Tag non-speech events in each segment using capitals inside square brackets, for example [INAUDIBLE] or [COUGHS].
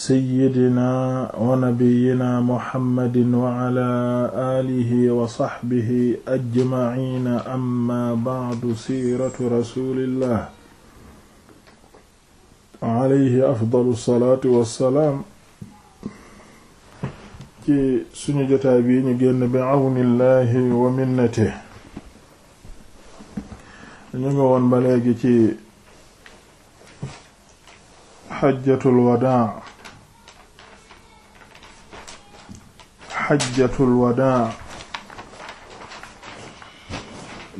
sayyidina wa nabiyyina muhammadin wa ala aalihi wa saxbihi ajmaciina amma bacdu siiratu rasulillah alayhi afdalu salaatu wa salaam ci suñu jotaay bi ñu génn bi awnillahi wa minnatihi ñu ngi woon ba léegi ci xajjatul wadaa xajjatul wadaa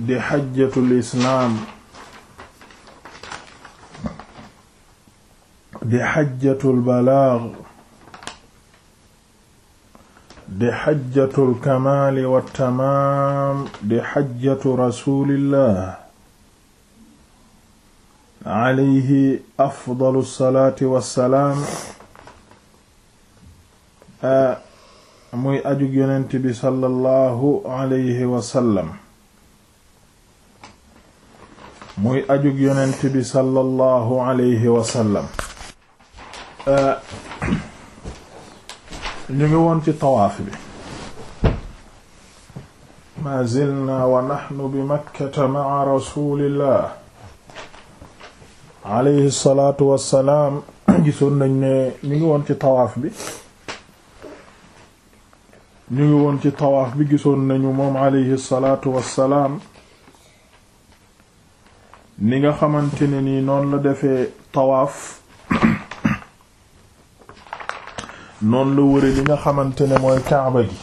di xajjatul islaam di xajjatul balaag di xajjatul kamaali wa tamaam di xajjatu rasuulillah alayhi afdalu salaati wa salaam. muy aju yonent bi sallallahu alayhi wasallam muy ajug yonent bi sallallahu alayhi wasallam woon ci tawaaf bi maa zilna wa naxnu bi makkata ma'a rasulillah alayhi salaatu wassalaam gisoon nañ ne ñu ngi woon ci tawaaf bi ñu ngi woon ci tawaaf bi gisoon nañu moom alayhi salaatu wassalaam ni nga xamante ne nii noonu la defee tawaaf noon la wëre li nga xamante ne mooy kaaba gi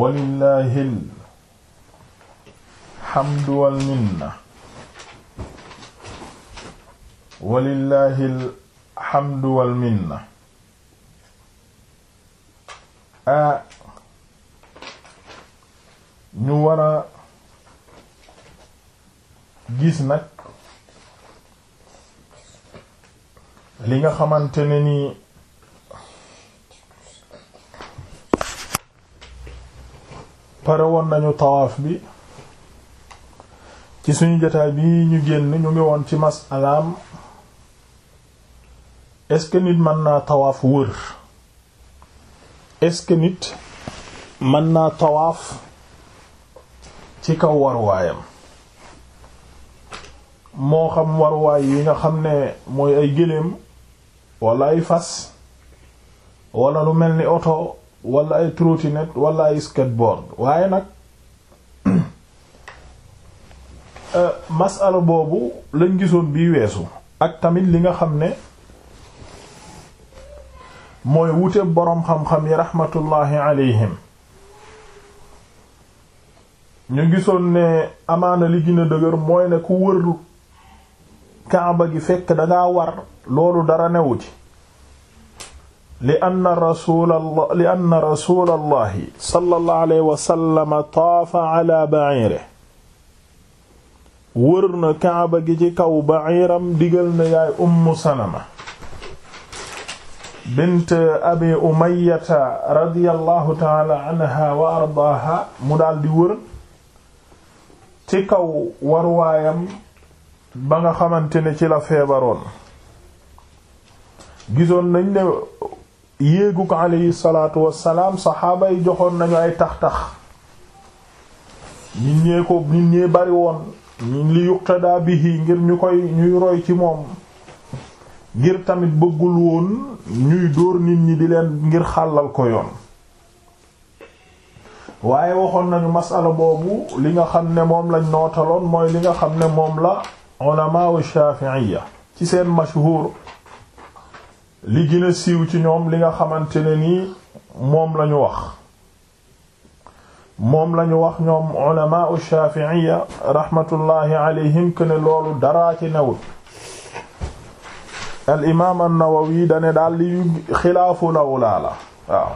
walillaahil hamdu wal minna walillaahil hamdu wal minna ñu wara gis nag li nga xamante ne ni pare woon nañu tawaaf bi ci suñu jotaay bi ñu génn ñu ngi woon ci masalaam est-ce que nit mën naa tawaaf wër est-ce que nit mën naa tawaaf ci kaw waruwaayam moo xam waruwaay yi nga xam ne mooy ay gëléem wala ay fas wala lu mel ni oto wala ay trottinette wala ay skateboard waaye nag [CLEARS THROAT] euh, masala boobu lañ gisoon bii weesu ak tamit li nga xam ne mooy wute boroom xam-xam yi raxmatullaahi alayhim ñu gisoon ne amaana li gën a dëgër mooy ne ku wër kaaba gi fekk dangaa war loolu dara newu ci li anna rasulallah li anna rasulallahi sallallahu alayhi wa sallam taafa ala ba'ire wër na kaaba gi ci kaw ba'iram digal na yaay ummu salama bint abi umayyata radiyallahu taala anha wa ardaaha mu daldi wër ci kaw warwaayam ba nga xamante ne ci la feebaroon gisoon nañ ne yéegu ko aleyhi salaatu wassalaam saxaaba joxoon nañu ay tax-tax nit ñee ko nit ñee bari woon li yuqtadaa bihi ngir ñu koy ñuy roy ci moom ngir tamit bëggul woon ñuy dóor nit ñi di leen ngir xàllal ko yoon waaye waxoon nañu masala boobu li nga xam ne moom lañ nootaloon mooy li nga xam ne moom la ulama wa shafi'iyya ci seen mashhur li gën siiw ci ñoom li nga xamante ne nii moom lañu wax moom lañu wax ñoom ulama wa shafi'iyya rahmatullahi alayhim ne loolu dara ci newul al imaam an-Nawawi dane daal li xilaafu lawlaa la waaw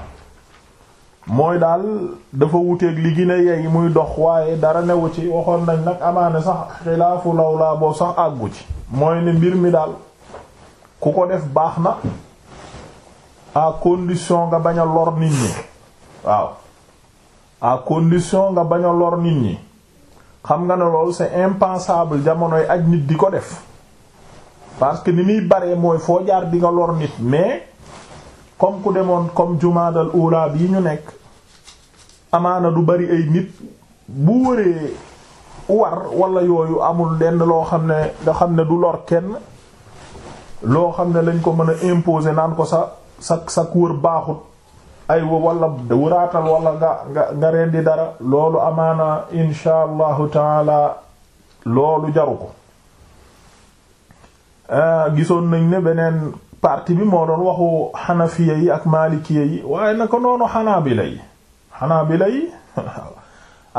mooy daal dafa wuteeg li gine yeey muy dox waaye dara newu ci waxoon nañ nag amaane sax xilaafu lawlaa boobu sax àggu ci mooy ne mbir mi daal ku ko def baax na à condition nga bañ lor nit ñi waaw à condition nga bañ a lor nit ñi xam nga ne lool c'est impensable jamonoy aj nit di ko def parce que ni muy baree mooy foo jaar di nga lor nit mais comme ku demoon comme jumaadal ula bi ñu nekk amaana du bari ay nit bu wëree war wala yooyu amul lenn loo xam ne nga ne du lor kenn loo xam ne lañ ko mën a imposer naan ko sa sa sa wër baaxut ay walla wëraatal wala nga nga nga reen di dara loolu amaana insha allahu taala loolu jaru ko Euh, gisoon nañ ne beneen partie bi moo doon waxu xanafiya yi ak maalikiya yi waaye naka noonu xanaabila yi xanaabila yi [LAUGHS]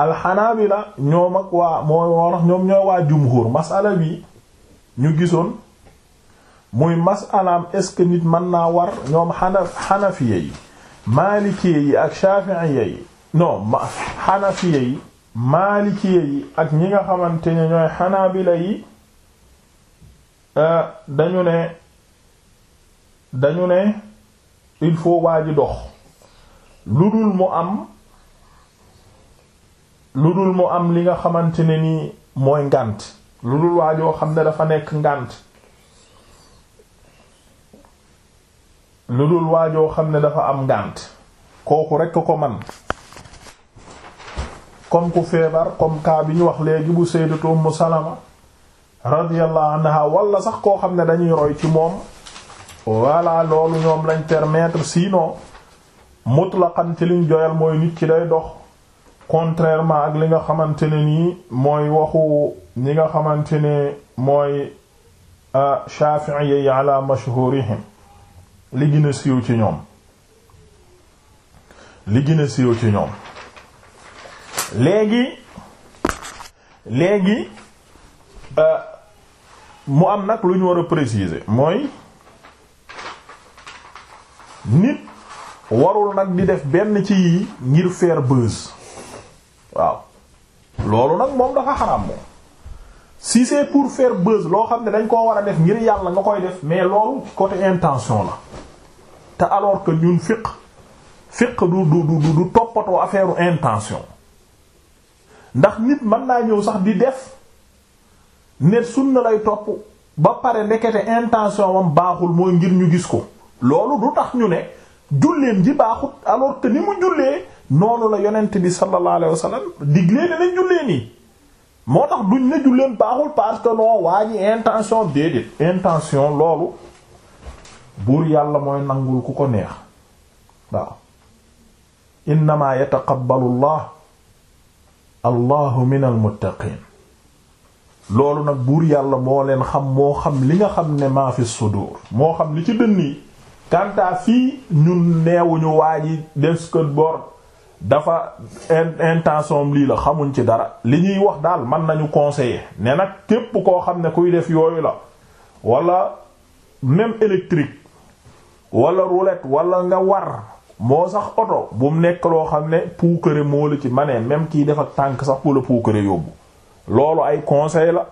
alxanaabila ñoom ak waa mooy moo tax ñoom ñoo waa jumhur masala bi ñu gisoon muy masalaam est nit mën naa war ñoom xana xanafiya yi maalikiya yi ak shaafiiya yi non xanafiya yi maalikiya yi ak ñi nga xamante ne ñooy xanaabila yi Euh, dañu ne dañu ne il faut waa dox lu dul mu am lu dul mu am li nga xamante ne ni mooy ngànt lu dul waajoo xam ne dafa nekk ngànt lu dul waa xam ne dafa am ngànt kooku rekk ko man comme ku feebar comme cas bi ñu wax léegi bu sayyidatu Ummu Salama radiyallahu anha wala sax koo xam ne dañuy roy ci moom voilà loolu ñoom lañ permettre sinon mutlaqan ci liñ joyal mooy nit ki day dox contrairement ak li nga xamante ne nii mooy waxu ñi nga xamante ne mooy ah, Shafi'i yi ala mashhurihim li gën siiw ci ñoom li gën siiw ci ñoom léegi léegi ah, mu am nag lu ñu war a préciser mooy nit warul nag di def benn ci yii ngir faire buzz waaw loolu nag moom dafa xaram moom si c'est pour fair buzz loo xam ne dañ koo war a def ngir yàlla nga koy def mais loolu côté intention la te alors que ñun fiq fiq du du du toppatoo affaire intention ndax nit mën naa ñëw sax di def. ne sunna lay topp ba pare ndekete intention wam baaxul mooy ngir ñu gis ko loolu du tax ñu ne julleem ji baaxut alors que ni mu jullee noonu la yonent bi sallallahu alayhi wa sallam diglee ne lañ jullee nii moo tax duñ ne julleem baaxul parce que waa ji intention déedéet intention loolu buur yàlla mooy nangul ku ko neex waaw innama yataqabbalu allah allahu min al loolu nag buur yàlla moo leen xam moo xam li nga xam ne maa fi sudur moo xam li ci dënn yi kantaa fii ñun neewuñu waa ji def skateboard dafa intention lii la xamuñ ci dara li ñuy wax daal mën nañu conseiller ne nag képp koo xam ne kuy def yooyu la walla même électrique wala roulette wala nga war moo sax oto bu mu nekk loo xam ne puukare moo la ci ma ne même kiy def ak tànk sax bu la puukare yóbbu loolu ay conseil la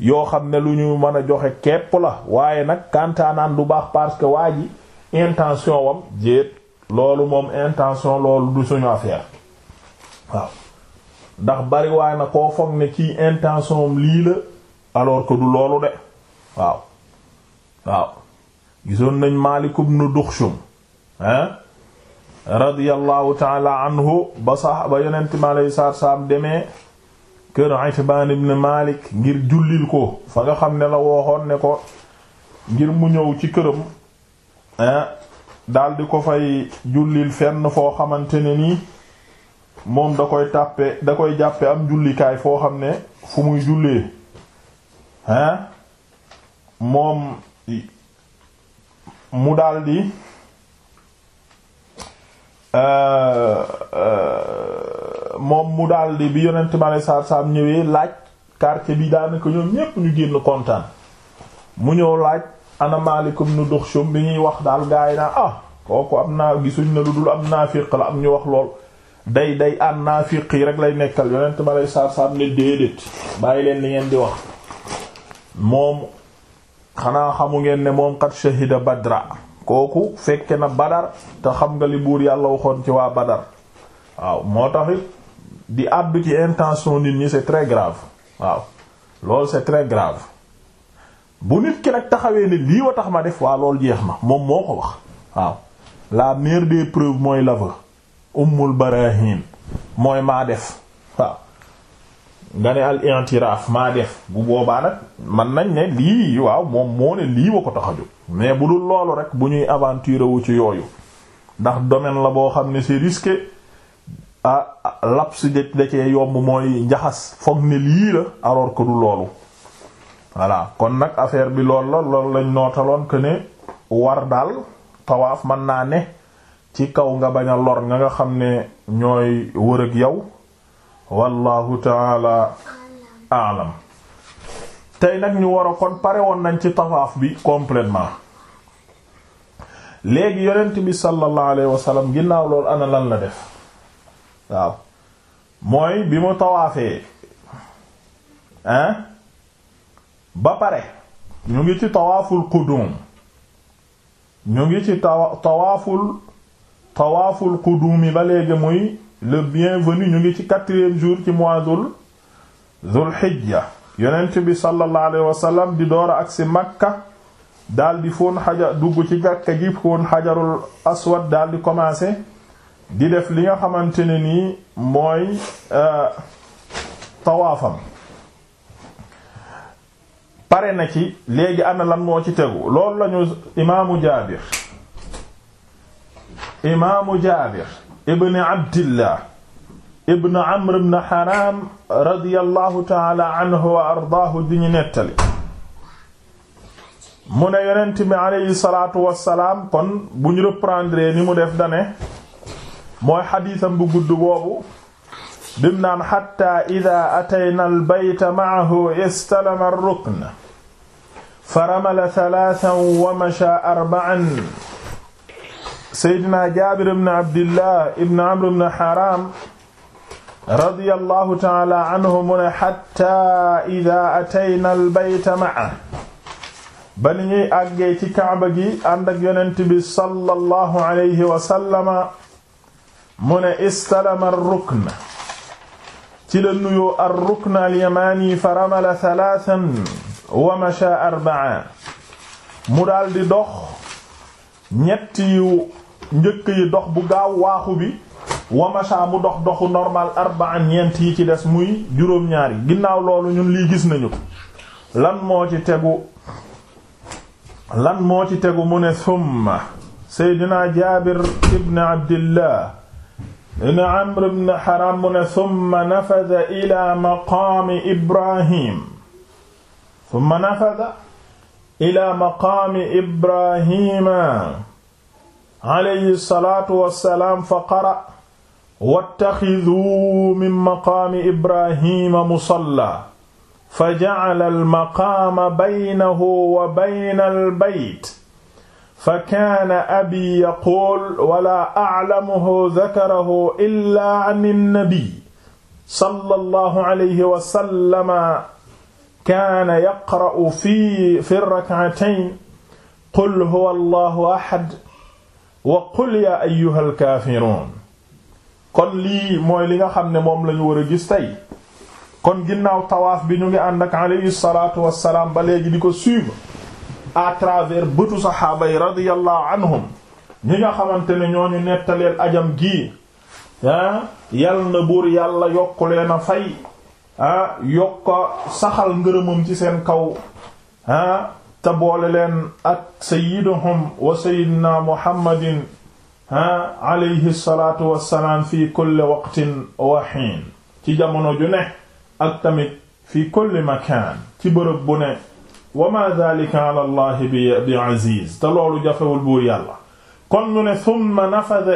yoo xam ne lu ñu mën a joxe kepp la waaye nag kantaanaan du baax parce que waa ji intention wam jéet loolu moom intention loolu du suñu affaire waaw ndax bari waaye na koo foog ne ci intention am lii la alors que du loolu de waaw waaw gisoon nañ Maalik ibn Duxshum hein radiyallahu anhu ba sax ba yonent mi alayhi demee kër Itbaan ibn Malik ngir jullil ko fa nga xam ne la wooxoon ne ko ngir mu ñëw ci këram ah, daldi ko fay jullil fenn foo xamante ne nii moom da koy tàppe da koy jàppe am jullikaay foo xam ne fu muy jullee ah, moom mu daldi ah, moom mu daldi bi yonent ma lay saar saam ñëwee laaj quartier bi daanaka ñoom ñépp ñu génn kontaan mu ñëw laaj ana Maalik ibn Duxshum bi ñuy wax daal gaay naa ah kooku am naa gisuñ na lu dul am naafiq la am ñu wax lool day day an naafiq yi rek lay nekkal yonent ma lay saar saam ne déedéet bàyyi leen li ngeen di wax moom xanaa xamu ngeen ne moom kat shahida badra kooku fekke na badar te xam nga li buur yàlla waxoon ci waa badar waaw moo taxit di àddu ci intention nit ñi c'est très grave waaw loolu c'est très grave bu nit ki nag taxawee ne lii tax ma def waa loolu jeex na moom moo ko wax waaw la mère des preuves mooy l'aveu ummul barahin mooy maa def waaw nga ne al i'tiraf maa def bu boobaa nag man nañ ne lii waaw moom moo ne lii wa ko tax a mais bu dul loolu rek bu ñuy aventure wu ci yooyu ndax domaine la boo xam ne c'est risqué ah lapsu de da cee yomb mooy njaxas foog ne lii la alors que loolu voilà kon nag affaire bi lool la loolu lañ nootaloon que ne war daal tawaaf man naa ne ci kaw nga baña lor nga nga xam ne ñooy wër ak yow wallahu taala alam tey nag ñu war kon pare woon nañ ci tawaaf bi completement léegi yonent bi sallallahu alayhi wa sallam ginnaaw loolu ana lan la def waaw mooy bi mu tawaafee hein ba pare ñu ngi ci tawaaful qudum ñu ngi ci tawa tawaaful tawaaful qudumi ba léegi muy le bienvenu ñu ngi ci quatrième jour ci mois dul dul xijja yonent bi sallallahu alayhi wa sallam di door ak si Makka daal di foon xaja dugg ci jàkka ji foon xajarul aswad daal di commencer di def li nga xamante ne nii mooy euh, tawaafam pare na ci léegi ana lan moo ci tegu lool lañu imaamu jaabir imaamu jaabir ibn abdillah ibn amr ibn haram radiyallahu taala anhu wa ardaahu di ñu nettali mu ne yonent bi aleyhi salaatu kon bu ñu reprendre ni mu def dane mooy xadiisam bu gudd boobu bim naan xatta ida atayna albayta maahu istalama arrukn fa ramala talatan wa masha arba'an seydina jaabir ibn abdillah ibn amr ibn haram radiyallahu ta'ala anhu mu ne xatta ida atayna albayta maahu ba ni ñuy àggee ci kaaba gi ànd ak yonent bi sallallahu alayhi wa sallama mu ne istalama ar-rukn ci la nuyoo ar-rukn al-yamani fa ramala thalathan wa masha mu daldi dox ñetti yu njëkk yi dox bu gaaw waaxu bi wa masha mu dox doxu normal arba'a ñeent yi ci des muy juróom-ñaar ginnaaw loolu ñun lii gis nañu ko lan moo ci tegu mu ne summa seydina jaabir ibn abdillah ibn Amr ibn Haram mu ne summa nafada ila maqaami Ibrahim summa nafada ila maqaami Ibrahima alayhi salaatu wa salaam fa qara wattaxiduu min maqaami Ibrahima musallaa fa ja'ala al-maqaama baynahu wa bayna al-bayt fa kaana abi yaquul wala aclamuhu dakarahu illaa an nabi sallallahu alayhi wa sallama kaana yaqra'u fi fi rakcatayn qul huwa allahu axad wa qul yaa ayyuha alkaafiruun kon lii mooy li nga xam ne moom lañu war a gis tey kon ginnaaw tawaaf bi ñu ngi ànd ak alayhi salaatu wa salaam ba léegi di ko suivre à travers bëtu saxaaba yi radiyallahu anhum ñi nga xamante ne ñooñu nettale ajam gii ah yal na buur yàlla yokk leen a fay ah yokk saxal ngërëmam ci seen kaw ah te boole leen ak sayyiduhum wa sayyidina muhammadin ah alayhi salaatu wassalaam fi kulli waqtin wa hiin ci jamono ju ne ak tamit fi kulli makaan ci bërëb bu ne wa ma dhalika ala allah bi aziz te loolu jafewul buur yàlla kon ne thumma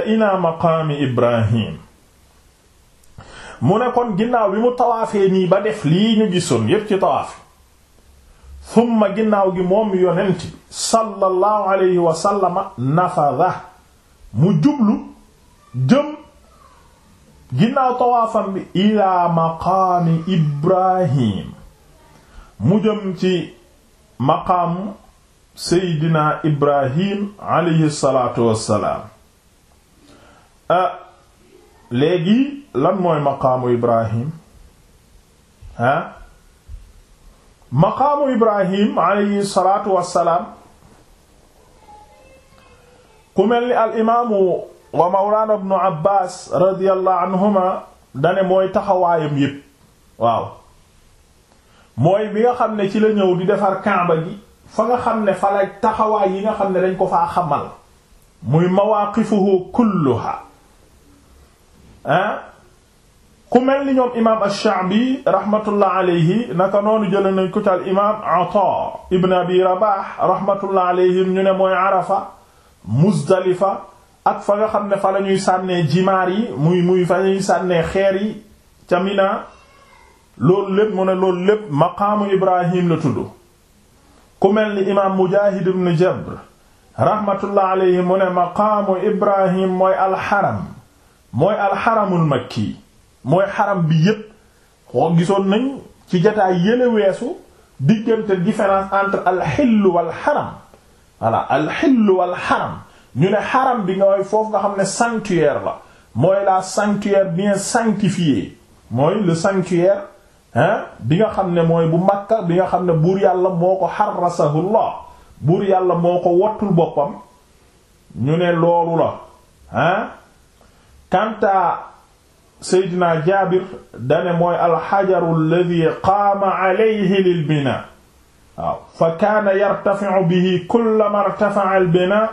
ila maqaami ibrahim mu ne kon ginnaaw bi mu tawaafee nii ba def lii ñu gisoon ci tawaaf thumma ginnaaw gi moom yonent bi sallallahu alayhi wa sallama mu jublu jëm ginnaaw tawaafam bi ila maqaami ibrahim mu jëm ci maqaamu seydina ibrahim aleyhi salaatu léegi lan mooy maqaamu ibrahim ah maqaamu ibrahim aleyhi salaatu wassalaam ku mel ni al imaamu wa mawlaana ibnu abbaas radiyallahu anhuma dane mooy taxawaayam yépp waaw mooy bi nga xam ne ci la ñëw di defar Kaaba gi fa nga xam ne fa la taxawaay yi nga xam ne dañ ko faa muy mawaqifuhu kulluha ku mel ni ñoom imaam ash-Sha'bi rahmatullah naka noonu jëlee nañ ko ci al imaam Ata ibn ñu ne mooy Arafa Muzdalifa ak fa nga xam ne fa la sànnee jimaar yi muy muy fa la ñuy sànnee xeer yi ca Mina loolu lépp mu ne loolu lépp maqaamu ibrahim la tudd ku mel ni imaam mujaahid ibn jabr rahmatullah mu ne maqaamu ibrahim mooy alxaram mooy alxaramul makki mooy xaram bi yépp xoo gisoon nañ ci jataay yële weesu diggante différence entre alxillu wal xaram voilà alxillu wal xaram ñu ne xaram bi nga foofu nga xam ne sanctuaire la mooy la sanctuaire bien sanctifié mooy le sanctuaire bi nga xam ne mooy bu Makka bi nga xam ne buur yàlla moo ko xarrasahullah buur yàlla moo ko wattul boppam ñu ne loolu la ah kanta Seydina Jaabir dane mooy alxajaru alladi qaama alayhi lil bina waaw fa kaana yartafi'u bihi kullama irtafa'a al bina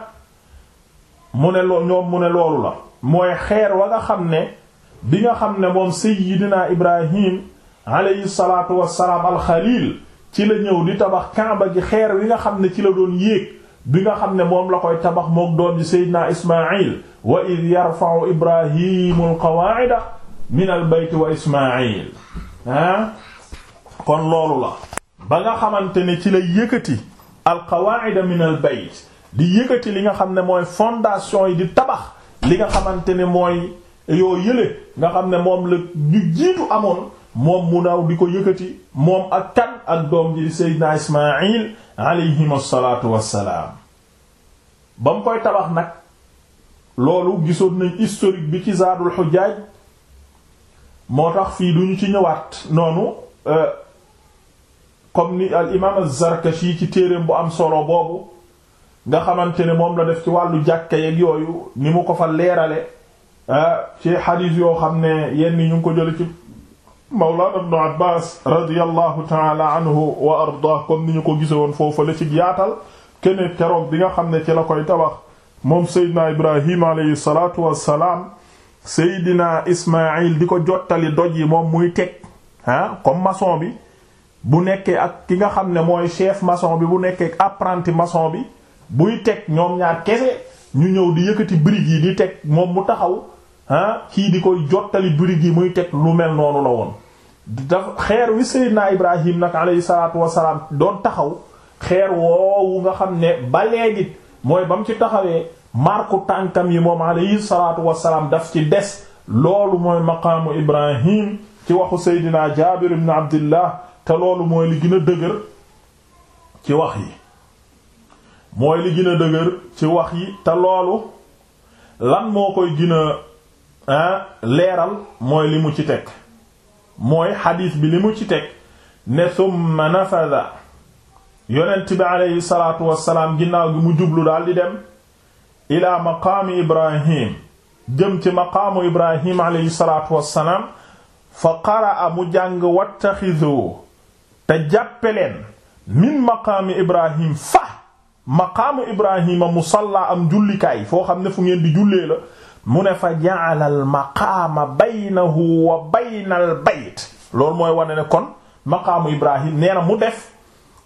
mu ne loo ñoom mu ne loolu la mooy xeer wa nga xam ne bi nga xam ne moom Seydina Ibrahim alayhi salaatu wassalaam alxaliil ci la ñëw di tabax kaaba ji xeer wi nga xam ne ci la doon yéeg bi nga xam ne moom la koy tabax mook doon ji seydina ismail wa id yarfau ibrahimu alqawaida min al bayt wa ismail ah kon loolu la ba nga xamante ne ci la yëkkati alqawaida min al bayt di yëkkati li nga xam ne mooy fondation yi di tabax li nga xamante ne mooy yoo yële nga xam ne moom la ñu jiitu amoon moom mu naw di ko yëkkati moom ak kan ak doom ji seydina ismail alayhim asalaatu wassalaam ba mu koy tabax nag loolu gisoon nañ historique bi ci zaadul xujjaaj moo tax fii duñu ci ñëwaat noonu euh, comme ni al imaam az-Zarkashi ci téereem bu am solo boobu nga xamante ne moom la def ci wàllu jàkka yeeg yooyu ni mu ko fa leerale euh, ci xadiis yoo xam ne yenn ñu ngi ko jële ci Mawlaana Ibnu Abbaas radiyallahu taala anhu wa ardaah comme ni ñu ko gise woon foofu la ci yaatal kene teroog bi nga xam ne ci la koy tabax moom Seydina Ibrahim alayhi salaatu wassalaam Seydina Ismaayil di ko jottali doj yi moom muy teg ah comme maçon bi bu nekkee ak ki nga xam ne mooy chef maçon bi bu nekkee ak mason bi buy teg ñoom ñaar kese ñu ñëw di yëkkati briques yi di teg moom mu taxaw ah kii di koy jottali birig yi muy teg lu mel noonu la woon daf xeer wi Seydina Ibrahim nag alayhi salaatu wasalaam doon taxaw xeer woowu nga xam ne ba léegi mooy ba mu ci taxawee marku tànkam yi moom alayhi salaatu salaam daf ci des loolu mooy maqaamu Ibrahim ci waxu Seydina Jaabir ibn Abdillah te loolu mooy li gën a dëgër ci wax yi mooy li gën dëgër ci wax yi te loolu lan moo koy gën Ah, leeral mooy li mu ci teg mooy xadiis bi li mu ci teg ne summa nafada yonent bi aleyhi salaatu wassalaam ginnaaw mu jublu daal di dem ila maqaami ibrahim jëm ci maqaamu ibrahim aleyhi salaatu wassalaam fa qaraa mu jàng wattaxidu te jàppe leen min maqaami ibrahim fa maqaamu ibrahima musalla am jullikaay foo xam ne fu ngeen di jullee la mu ne fa ja'ala al maqaama baynahu wa bayna al bayt loolu mooy wane ne kon maqaamu ibrahim nee na mu def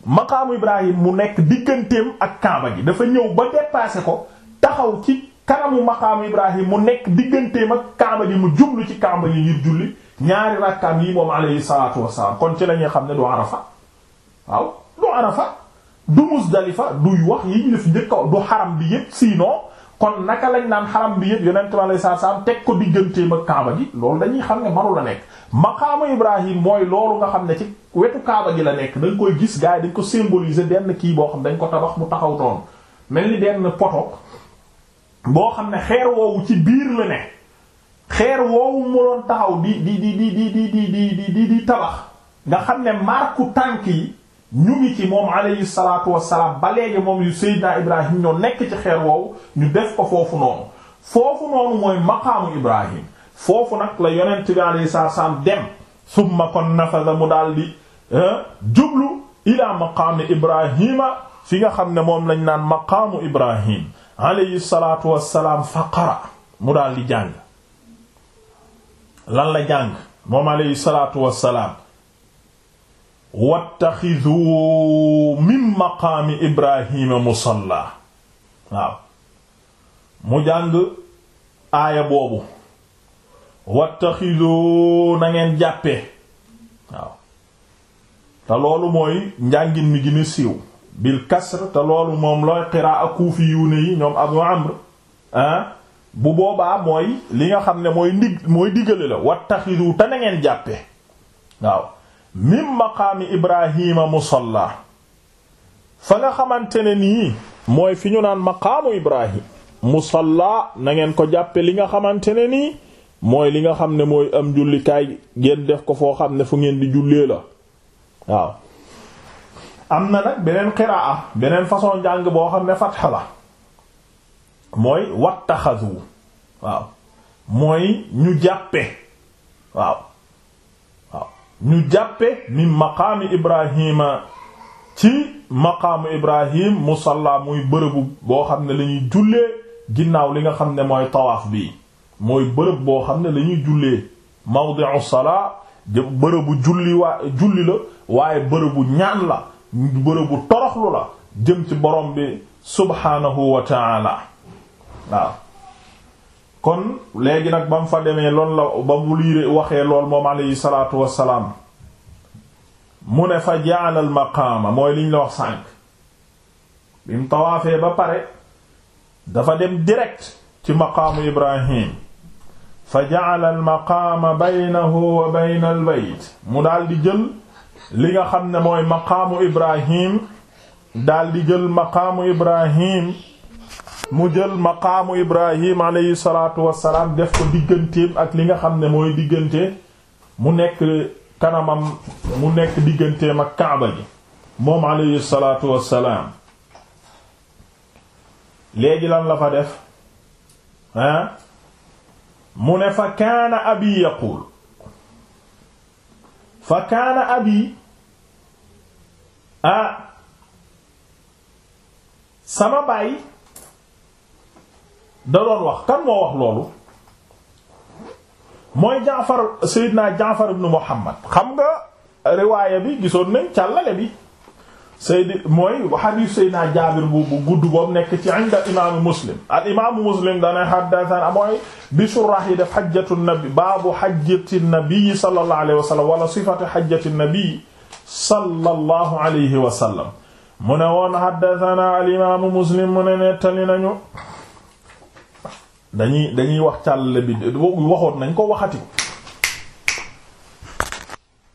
maqaamu ibrahim mu nekk digganteem ak kaaba gi dafa ñëw ba dépassé ko taxaw ci kanamu maqaamu ibrahim mu nekk digganteem ak kaaba gi mu jublu ci kaaba gi ngir julli ñaari rakkaam yi moom alayhi salaatu wassalaam kon ci lañuy xam ne du arafa waaw du arafa du musdalifa duy wax yi ñu la fi du xaram bi yépp sinon kon naka lañ naan xaram bi yëpp yonent bi alayhi salaam teg ko diggantee ma kaaba gi loolu dañuy xam ne manu la nekk maqaama Ibrahim mooy loolu nga xam ne ci wetu kaaba gi la nekk dañ koy gis gars yi dañ ko symboliser benn kii boo xam dañ ko tabax mu taxaw noonu mel ni benn poto boo xam ne xeer woowu ci biir la ne xeer woowu mu doon taxaw di di di di di di di di di tabax nga xam ne marku tànk yi. ñu ngi ci moom aley salaatu wassalaam ba léegi moom yu Seydina Ibrahim ñoo nekk ci xeer woowu ñu def ko foofu noonu foofu noonu mooy maqaamu Ibrahim foofu nag la yonent bi alayhi salaatu wassalaam dem summa kon nafada mu daal di jublu ila maqaami Ibrahima fi nga xam ne moom lañ naan maqaamu Ibrahim alayhi salaatu wassalaam faqara mu daal di jàng lan la jàng moom alayhi salaatu wassalaam wattaxidu min maqaami ibrahima musalla waaw mu jàng aaya boobu wattaxidu na ngeen jàppee waaw te loolu mooy njàngin mi gën a siiw bil kasr te loolu moom looy qiraa kuufi yu yi ñoom abu amr ah, bu boobaa mooy li nga xam ne mooy ndig mooy diggale la wattaxidu te na ngeen jàppee waaw min maqaami ibrahima musalla fa nga xamante ne nii mooy fi ñu naan maqaamu ibrahim musalla na ngeen ko jàppe li nga xamante ne nii mooy li nga xam ne mooy am jullikaay ngeen def ko foo xam ne fu ngeen di jullee la waaw am na nag beneen qiraa beneen façon njàng boo xam ne fatxa la mooy wattaxadu waaw mooy ñu jàppe waaw ñu jàppe min maqaami ibrahima ci maqaamu ibrahim musalla muy bërëbu boo xam ne lañuy ñuy jullee ginnaaw li nga xam ne mooy tawaaf bi mooy bërëb boo xam ne lañuy ñuy jullee mawdi'u salaa bërëbu julli waa julli la waaye bërëbu ñaan la bërëbu toroxlu la jëm ci borom bi subhaanahu wa ta'ala kon léegi nag ba mu fa demee loolu la ba mu liire waxee lool moom alayhi salaatu wassalaam mu ne fa ja'ala al maqaama mooy liñ la wax sànq bi mu tawaafee ba pare dafa dem direct ci maqaamu Ibrahim fa ja'ala al maqaama baynahu wa bayna al bayt mu daal di jël li nga xam ne mooy maqaamu Ibrahim daal di jël maqaamu Ibrahim mu jël ma maqaamu ibrahim aleyhi salaatu wassalaam def ko digganteem ak li nga xam ne mooy diggante mu nekk kanamam mu nekk digganteem ak kaaba ji moom aleyhi salaatu wassalaam léegi lan la fa def ah mu ne fa kaana abi yaqul fa kaana abi ah sama baay da doon wax kan moo wax loolu mooy Jaafar Seydina Jaafar ibn Muhammad xam nga riwaaya bi gisoon nañ càllale bi Seydi mooy hadith Seydina Jaabir bu bu gudd boobu nekk ci inda imaamu Muslim al imaamu Muslim dana haddathana mooy bi surah yi def hajjatu nabi baabu hajjati nabi sallallahu alayhi wa sallam wala sifatu hajjati nabi sallallahu alayhi wa sallam mu ne woon haddathana al imaamu Muslim mu ne nettali nañu dañuy dañuy wax càll bi waxoon nañ ko waxati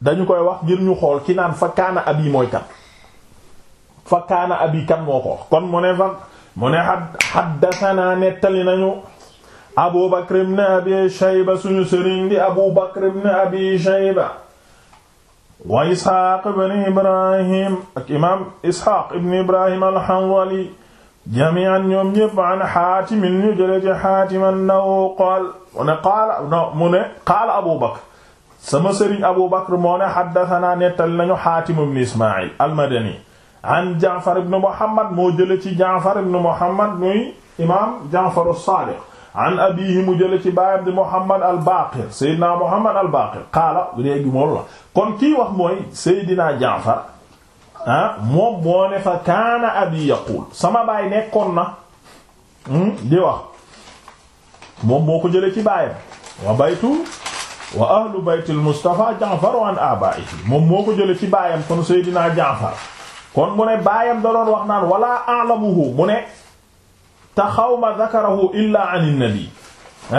dañu koy wax ngir ñu xool ki naan fa kaana abi mooy kan fa kaana abi kan moo ko kon mu ne fa mu ne xaddasanaa nettali nañu abu ibn abi shayba suñu sëriñ di abu bakr ibn abi shayba wa isxaaq ibn ibrahim ak imaam isxaaq ibn ibrahim al jamian ñoom ñépp an xaatimin ñu jële ci xaatim annahu qaal mu ne qaala no mu ne qaala abu bakr sama sëriñ abu bakr moo ne xaddatanaa nettali nañu xaatim ibn ismail almadani an jaafar ibn muhammad moo jële ci jaafar ibn muhammad muy imaam jaafar as-saadiq an abihi mu jële ci baayam di muhammad al-baqir seydina muhammad al-baqir qaala léegi moom la kon kii wax mooy seydina jaafar ah moom moo ne fa kaana abi yaqul sama baay nekkoon na hmm? di wax moom moo ko jële ci baayam wa baytu wa ahlu baytil mustafa ja'faru an abaihi moom moo ko jële ci baayam kon seydinaa ja'far kon mu ne baayam da wax naan wala a'lamuhu mu ne te xawma zakarahu illa an nabi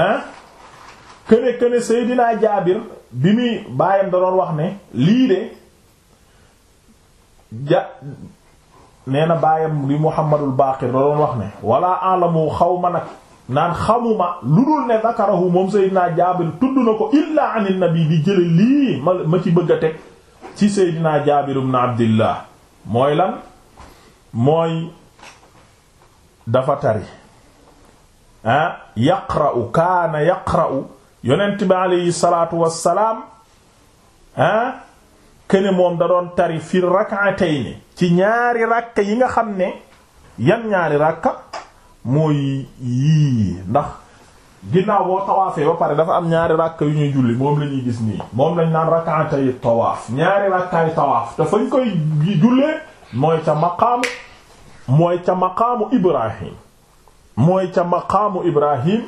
ah këne këne seydinaa jaabir bi baayam da wax ne lii de ja nee na baayam li Muhammadul Baqir la doon wax ne wala alamu xaw ma nag naan xamuma lu dul ne zakarahu moom Seydina Jaabir tudd na ko illaa anin nabi di jële lii ma ci bëgg a teg ci Seydina Jaabir ibn Abdillah mooy lan mooy dafa tari ah yaqra'u kaana yaqra'u yonent bi alayhi salaatu wassalaam ah kene moom da doon tari fi rak'atayn ci ñaari rakka yi nga xam ne yan ñaari rakka mooy yii ndax ginnaaw boo tawaafee ba pare dafa am ñaari rakka yu ñuy julli moom la gis nii moom lañ naan rak'atay tawaaf ñaari rakkaay tawaaf te fañ koy jullee mooy ca maqaamu mooy ca maqaamu Ibrahim mooy ca maqaamu Ibrahim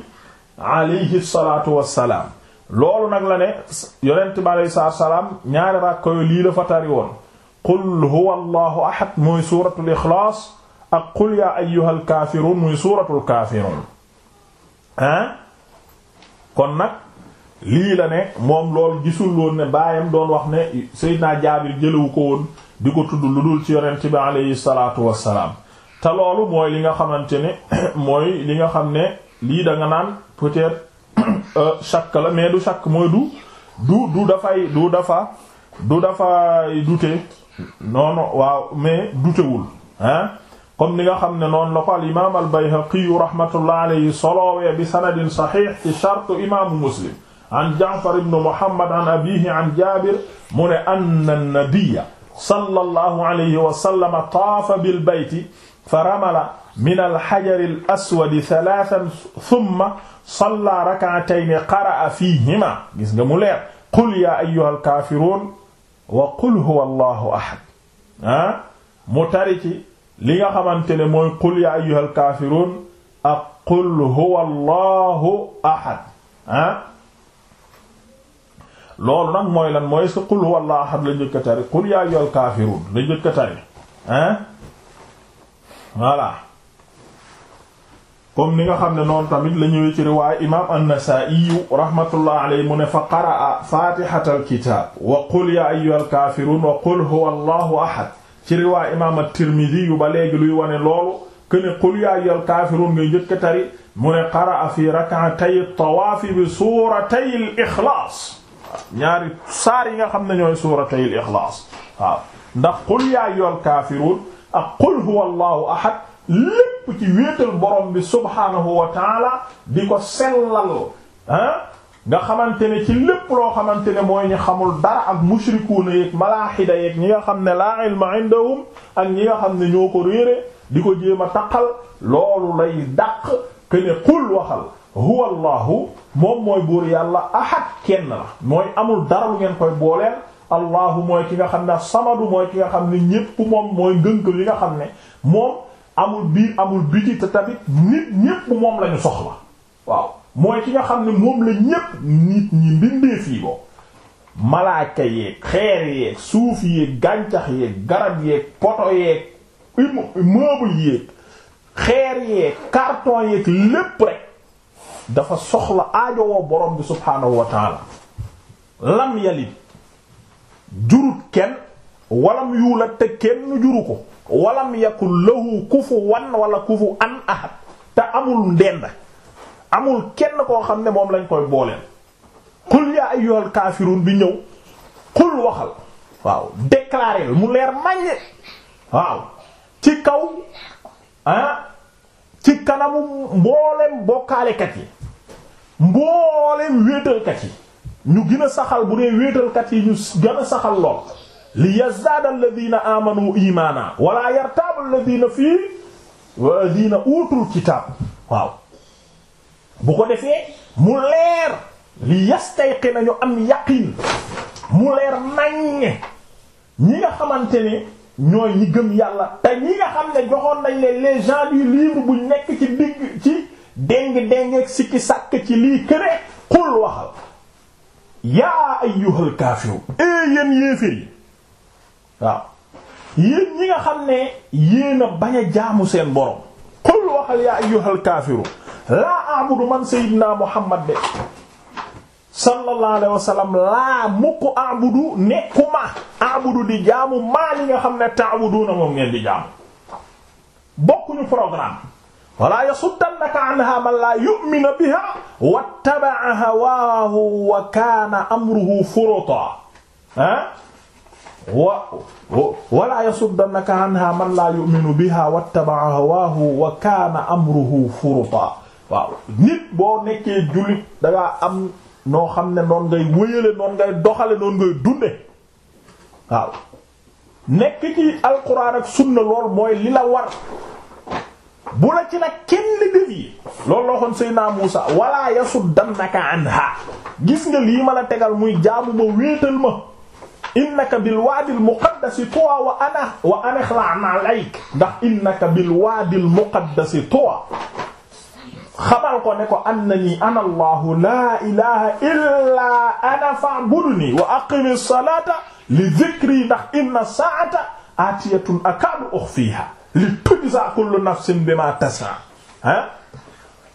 alayhi salaatu wassalaam loolu nag la ne yonent bi aleyhi salaatu salaam ñaari ràkka yooyu lii la fa tari woon qul huwa allahu ahad muy suuratul ixlaas ak qul yaa ayyuhal kaafiruun muy suuratul kaafiruun ah kon nag lii la ne moom loolu gisul woon ne baayam doon wax ne Seydina Jaabir jëlewu ko woon di ko tudd lu dul ci yonent bi aleyhi salaatu wassalaam te loolu mooy li nga xamante ne [COUGHS] mooy li nga xam ne lii danga naan peut Euh, shakk la mais du shakk mooy du du du dafay du dafa du dafay dute non non waaw mais dutewul ah comme ni nga xam ne noonu la ko al imaam al Bayhaqi rahmatullah alayhi solowee bi sanadin saxiix ci shart imaamu Muslim an Ja'far ibn Muhammad an abiihi an Jaabir mu ne anna nabiyya sallallahu alayhi wa sallam taafa bil bayti fa ramala min alxajari al aswadi thalathan thumma salla rak'atayn qara'a fihima gis nga mu leer qul ya ayyuha alkaafiruun wa qul huwa allahu ahad ah mu tari ci li nga xamante ne mooy qul ya ayyuha alkaafiruun ak qul huwa allahu ahad ah loolu nag mooy lan mooy est-ce que qul huwa allahu ahad la njëkk a tari qul ya ayyuha alkaafiruun la njëkk a tari ah voilà comme ni nga xam ne noonu tamit la ñëwee ci riwaay imaam an-Nasaa'i rahmatullah alayhi mu ne fa qaraa faatihatal kitaab wa qul ya ayyuhal kaafiruun wa qul huwa allahu ahad ci riwaay imaam at ba léegi luy wane loolu kuene qul ya ayyuhal kaafiruun ngay njëkka tari mu ne qaraa fi rak'atay tawaafi bi suuratay al-ixlaas ñaari yi nga xam ne ñooy suuratay al ndax qul ya ayyuhal kaafiruun ak qul huwa allahu ahad lépp ci wéetal borom bi subhaanahu wa taala di ko sellal ah nga xamante ne ci lépp loo xamante ne mooy ñu xamul dara ak mushrikuuna yeeg malaaxida yeeg ñi nga xam ne laa ilma indahum ak ñi nga xam ne ñoo ko di ko jéem a taqal loolu lay dàq que ne qul waxal huwa allahu moom mooy buur yàlla ahad kenn la mooy amul dara lu ngeen koy booleel allahu mooy ki nga xam ne samadu mooy ki nga xam ne ñépp moom mooy ngënkal yi nga xam ne moom amul biir amul biti te tamit nit ñépp moom lañu soxla waaw mooy ki nga xam ne moom la ñépp nit ñi mbindeef yi boo malaaka yeeg xeer yeeg suuf yeeg gàncax yeeg garab yeeg poto yeeg immeuble yeeg xeer yeeg carton yeeg lépp rek dafa soxla aajowoo borom bi subhaanahu wa taala jurut kenn walam yuulat te kenn juru ko walam yakul lahu kufuwan wala kufu an ahad te amul ndend amul kenn koo xam ne moom lañ koy booleel qul yaa ayyuhal kaafiruun bi ñëw qul waxal waaw déclarer mu leer màññe waaw ci kaw ah ci kanamu mboolem bokkaalekat yi mboolem wéetalkat yi ñu gën a saxal bu dee wéetalkat yi ñu gën a saxal lool li yazdaada alladina amanu imaana wala yartaab alladina fii alladina uutul kitaab waaw bu ko defee mu leer li yastayqi nañu am yaqin mu leer naññe ñi nga xamante ne ñooy ñi gëm yàlla te ñi nga xam ne joxoon nañ leen les gens du livre buñ nekk ci digg ci déng déngeeg sikki sàkk ci lii këne xul waxal yaa ayyuhal kaafiruun ee eh, yéen yéeféer yi waaw yéen ñi nga xam ne yéen a bañ a jaamu seen borom qul waxal yaa ayyuhal kaafiruun laa a'budu man sayyidina muhammad de sallallahu alayhi wa laa mukk a'budu nekkuma a'budu di jaamu maa li nga xam ne ta'buduna moom ngeen di jaamu bokkuñu programme wala yasuddannaka anha man la yu'minu biha wattaba'a hawaahu wa kaana amruhu furata ah wa wala yasuddannaka anha man la yu'minu biha wattaba'a hawaahu wa kaana amruhu furata nit boo nekkee jullit dangaa am noo xam ne noon ngay wéyale noon ngay doxale noon ngay dunde waaw nekk ci alquran ak sunna lool mooy li bu la ci nag kenn dévier loolu la waxoon Seydina Muusa wala yasuddannaka anha gis nga lii ma la tegal muy jaamu ma wéetal ma innaka bil waadil muqaddasi tuwa wa ana wa ana xla'na layk ndax innaka bil waadil muqaddasi tuwa xamal ko ne ko annani ana allahu laa ilaha illa ana fa'budni wa aqimi salata li dhikri ndax inna sa'ata atiyatun akadu ukhfiha li tujza kullu nafsin bima tasa ah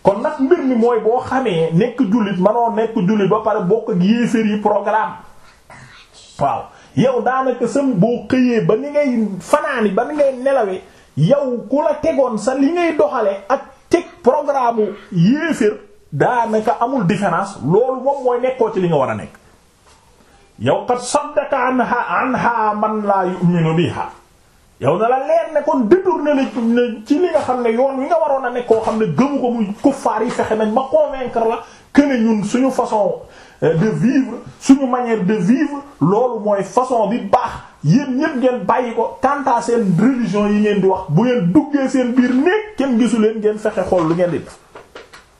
kon nag mbir mi mooy boo xamee nekk jullit manoo nekk jullit ba pare bokk ak yéeféer yi programme waaw yow daanaka sam boo xëyee ba ni ngay fanaani ba ni ngay nelawee yow ku la tegoon sa li ngay doxale ak teg programme yéeféer daanaka amul différence loolu moom mooy nekkoo ci li nga war a nekk yow qad saddaka anha anha man la yu'minu biha yow na la leer ne kon ne la ci li nga xam ne yoon wi nga waroon a nekk xam ne gëmu ko mu kuffaar yi fexe nañ ba convaincre la que ne ñun suñu façon euh, de vivre suñu manière de vivre loolu mooy façon bi baax yéen ñépp ngeen bàyyi ko quant à seen religion yi ngeen di wax bu ngeen duggee seen biir néeg kenn gisu leen ngeen fexe xool lu ngeen di def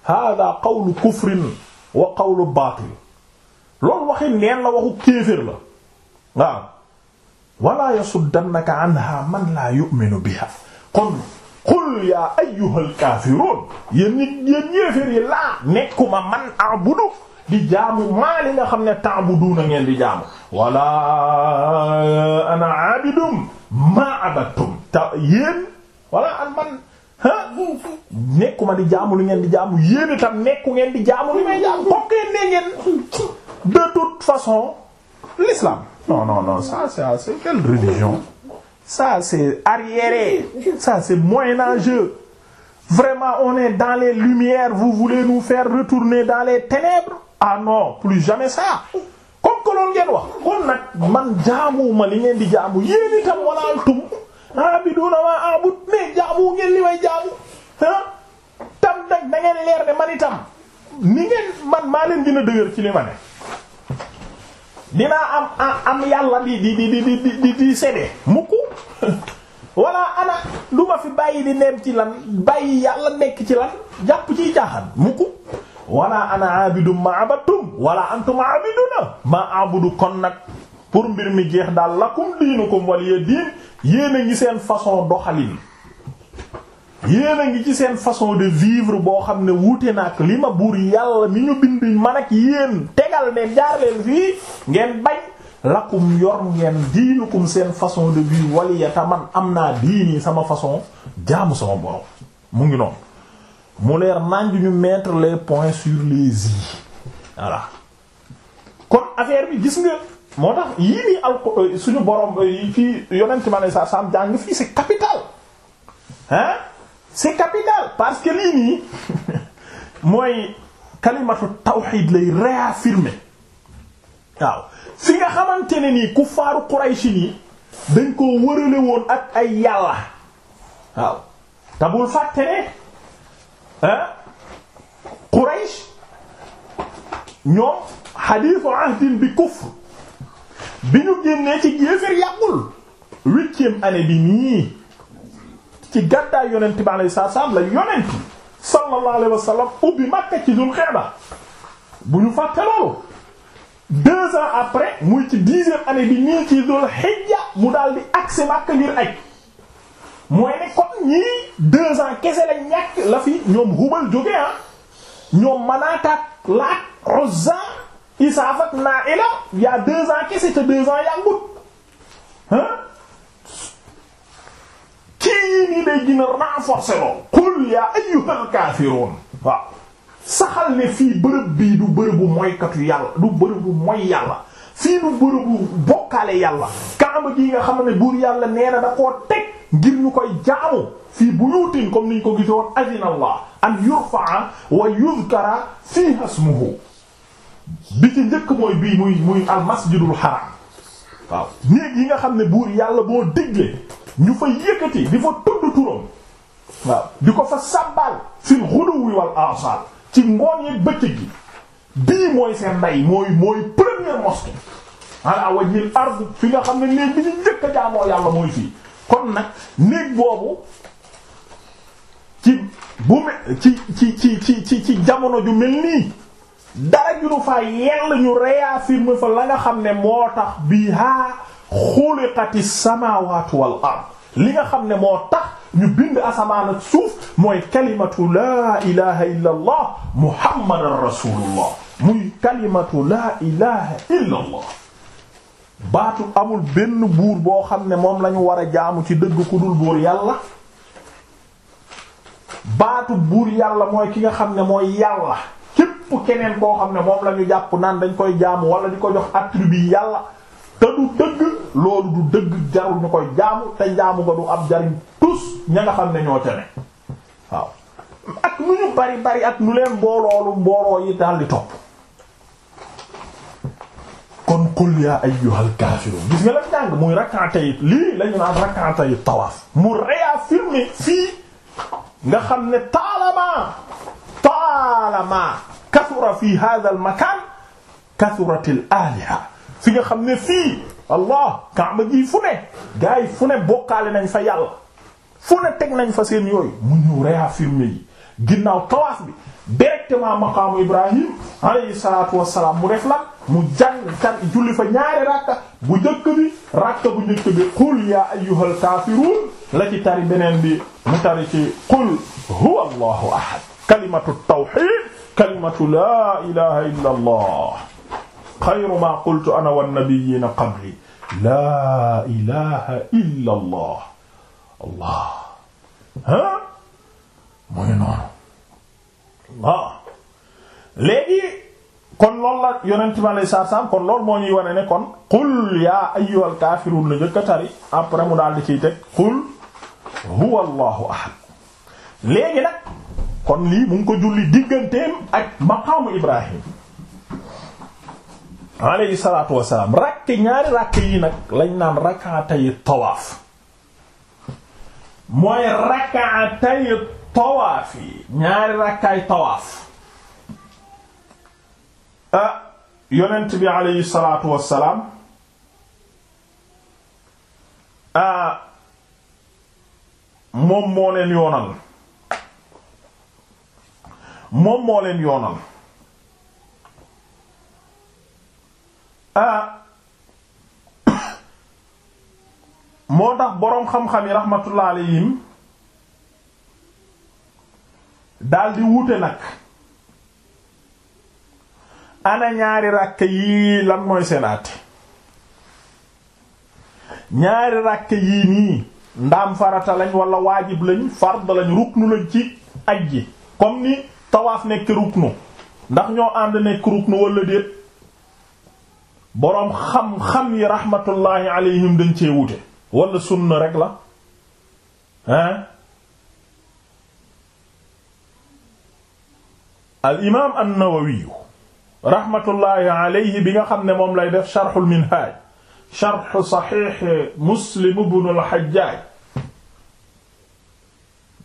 hada qawlu kufrin wa qawlu baatil loolu waxi neen la waxu kéefër la waaw wala yasuddannaka anha man laa yu'minu biha kon qul yaa ayyuhal kaafiruun yéen ñi yéen yéeféer yi laa nekkuma man a'budu di jaamu maa li nga xam ne ta'buduuna ngeen di jaamu wala ana aabidum maa abadtum ta yéen wala an man ah nekkuma di jaamu li ngeen di jaamu yéen itam nekku ngeen di jaamu li may jaamu. kooku ngeen ne ngeen de toute façon l'islam non non no ça c'est ça c'est quelle religion ça c'est arriéré ça c'est moyenâgeux vraiment on dans les lumières vous voulez dans les ténèbres ah non ngeen wax kon nag man jaamuwuma li ngeen di jaamu yéen itam wala antum abiduna ah, ma abud mais jaamu ngeen li may jaamu ah tam nag da leer ne man itam ni ngeen man maa leen gën a dëgër ci ma dinaa am am yàlla di di di di di di di sede mukk [LAUGHS] wala ana du fi bàyyi di neem ci lan bàyyi yàlla nekk ci lan jàpp ciy jaaxan mukk wala ana abidu ma abattum wala antum abiduna ma abudu kon nag pour mbir mi jeex daal lakum diinukum waliya diin yéen a ngi seen façon doxalin yéen a ngi ci seen façon de vivre boo xam ne wuute nag li ma buur yàlla mi ñu bind man ak yéen tegal ne jaar leen fii ngeen bañ lakum yor ngeen diinukum seen façon de vivre waliyata man am naa diini sama façon jaamu sama borom mu ngi noonu mu leer naan ñu mettre les points sur les i voilà kon affaire bi gis nga moo tax yii nii alko euh, suñu borom euh, fii yonent ma ne sa sam jàng fii si capital hein c'est capital parce que lii nii [LAUGHS] mooy kalimatu tawxiid lay réaffirmer waaw fi nga xamante ne nii kuffaaru Qurayshi nii dañ koo wërale woon ak ay yàlla waaw te bul fàtte ne Quraysh ñoom xadiisu ahdin bi kufr bi ñu génnee ci yéefar yàggul huitième année bi nii ci gàddaay yonent bi alayhi salaam la yonent sallallahu alayhi wa sallam ubbi Makka ci dul xeeba bu ñu fàtte loolu deux ans après muy ci dixième année bi nii ci dul xijja mu daal di agsi Makka ngir aj mooy ne kon ñii deux ans kese la ñàkk la fi ñoom Hubal jóge ah ñoom Manaat ak Laat Uzza Isaaf ak Naa'ila y'a deux ans kese te deux ans yàggut ah kii nii day gën a renforcer lool qul yaa ayyuhal kaafiruun waaw saxal ne fii bërëb bii du bërëbu moykatu yàlla du bërëbu moy yàlla fii du bërëbu bokkaale yàlla kaama gi nga xam ne buur yàlla nee na da koo teg ngir ñu koy jaamu fii buyuutin comme niñ ko gisoon adina allah an yurfa'a wa yuzkara fiiha ismuhu bi ci njëkk mooy bii muy muy al haram waaw néeg yi nga xam ne buur yàlla boo digle ñu fa yëkkati di fa tudd turam waaw di ko fa sàbbaal fil ghuduwi wal asal ci ngoon yeeg bëccëg gi bii mooy seen ndey mooy mooy première mosquée ala wajhil ard fi nga xam ne néeg bi ñu njëkk jaamoo yàlla mooy fii kon nag néeg boobu ci bu me ci ci ci ci ci jamono ju mel nii dara ju nu faa yell ñu réaffirmer fa la nga xam ne moo tax bii haa xuliqati samaawaatu wal ard li nga xam ne moo tax ñu bind asamaan ak suuf mooy kalimatu laa ilaha illa allah muhammadan rasulullah muy kalimatu laa ilaha baatu amul benn buur boo xam ne moom lañu war a jaamu ci dëgg ku dul buur yàlla baatu buur yàlla mooy ki nga xam ne mooy yàlla képp keneen koo xam ne moom la ñu jàpp naan dañ koy jaamu wala di ko jox attribut yàlla te du dëgg loolu du dëgg jarul ñu koy jaamu te jaamu nga ab jariñ tus ña nga xam ne ñoo tene ak nu ñu bari bari ak nu leen mbooloolu mbooloo yi daal di topp kon qul yaa ayyuhal kaafiruun gis nga la jàng muy rak'atay lii lañu naan rak'atay tawaaf mu réaffirmer fii nga xam ne taalama taalama kasura fi hadha al makan kasuratil fi nga xam ne fii allah kaaba gi fu ne gars yi fu nañ fa yàlla fu teg nañ fa seen yooyu mu ñëw réaffirmer yi ginnaaw tawaaf bi directement maqaamu ibrahim alayhi mu def la mu jàng bu njëkk bi rakka bu njëkk bi qul ya ayyuhal kaafiruun la ci tari beneen bi mu tari ci qul huwa allahu ahad kalimatu tawhid kalimatu la ilaha xayru ma qultu ana wannabiyiina qabli laa ilaha illa allah allah ah mooy noonu allah léegi kon loolu la yonent mi alayhi salaatu salaam kon loolu moo ñuy wane ne kon qul yaa ayyuhal kaafiruun la njëkk a tari après mu daal di ciy teg qul huwa allahu ahad léegi nag kon lii mu ngi ko julli digganteem ak maqaamu Ibrahim alayhi salaatu wassalaam rakk ñaari rakk yi nag lañ naan rakkaatay tawaaf mooy rakkaatay tawaaf yi ñaari rakkaay tawaaf ah yonent bi alayhi salaatu wassalaam ah moom moo leen moom moo leen [COUGHS] ah moo tax boroom xam-xam yi rahmatullah alayhim daldi wuute nag ana ñaari ràkk yii lan mooy seen àtte ñaari ràkk yii nii ndaam farata lañ wala waajib lañ fard lañ ruknu lañ ci aj ji ni tawaaf nekk ruknu ndax ñoo ànd nekk ruknu wala déet boroom xam-xam yi rahmatullahi alayhim dañ cee wute wala sunna rek la ah al imaam an-Nawawi rahmatullahi alayhi bi nga xam ne moom lay def sharxul minhaaj sharx saxiix Muslim ibn al-Hajjaaj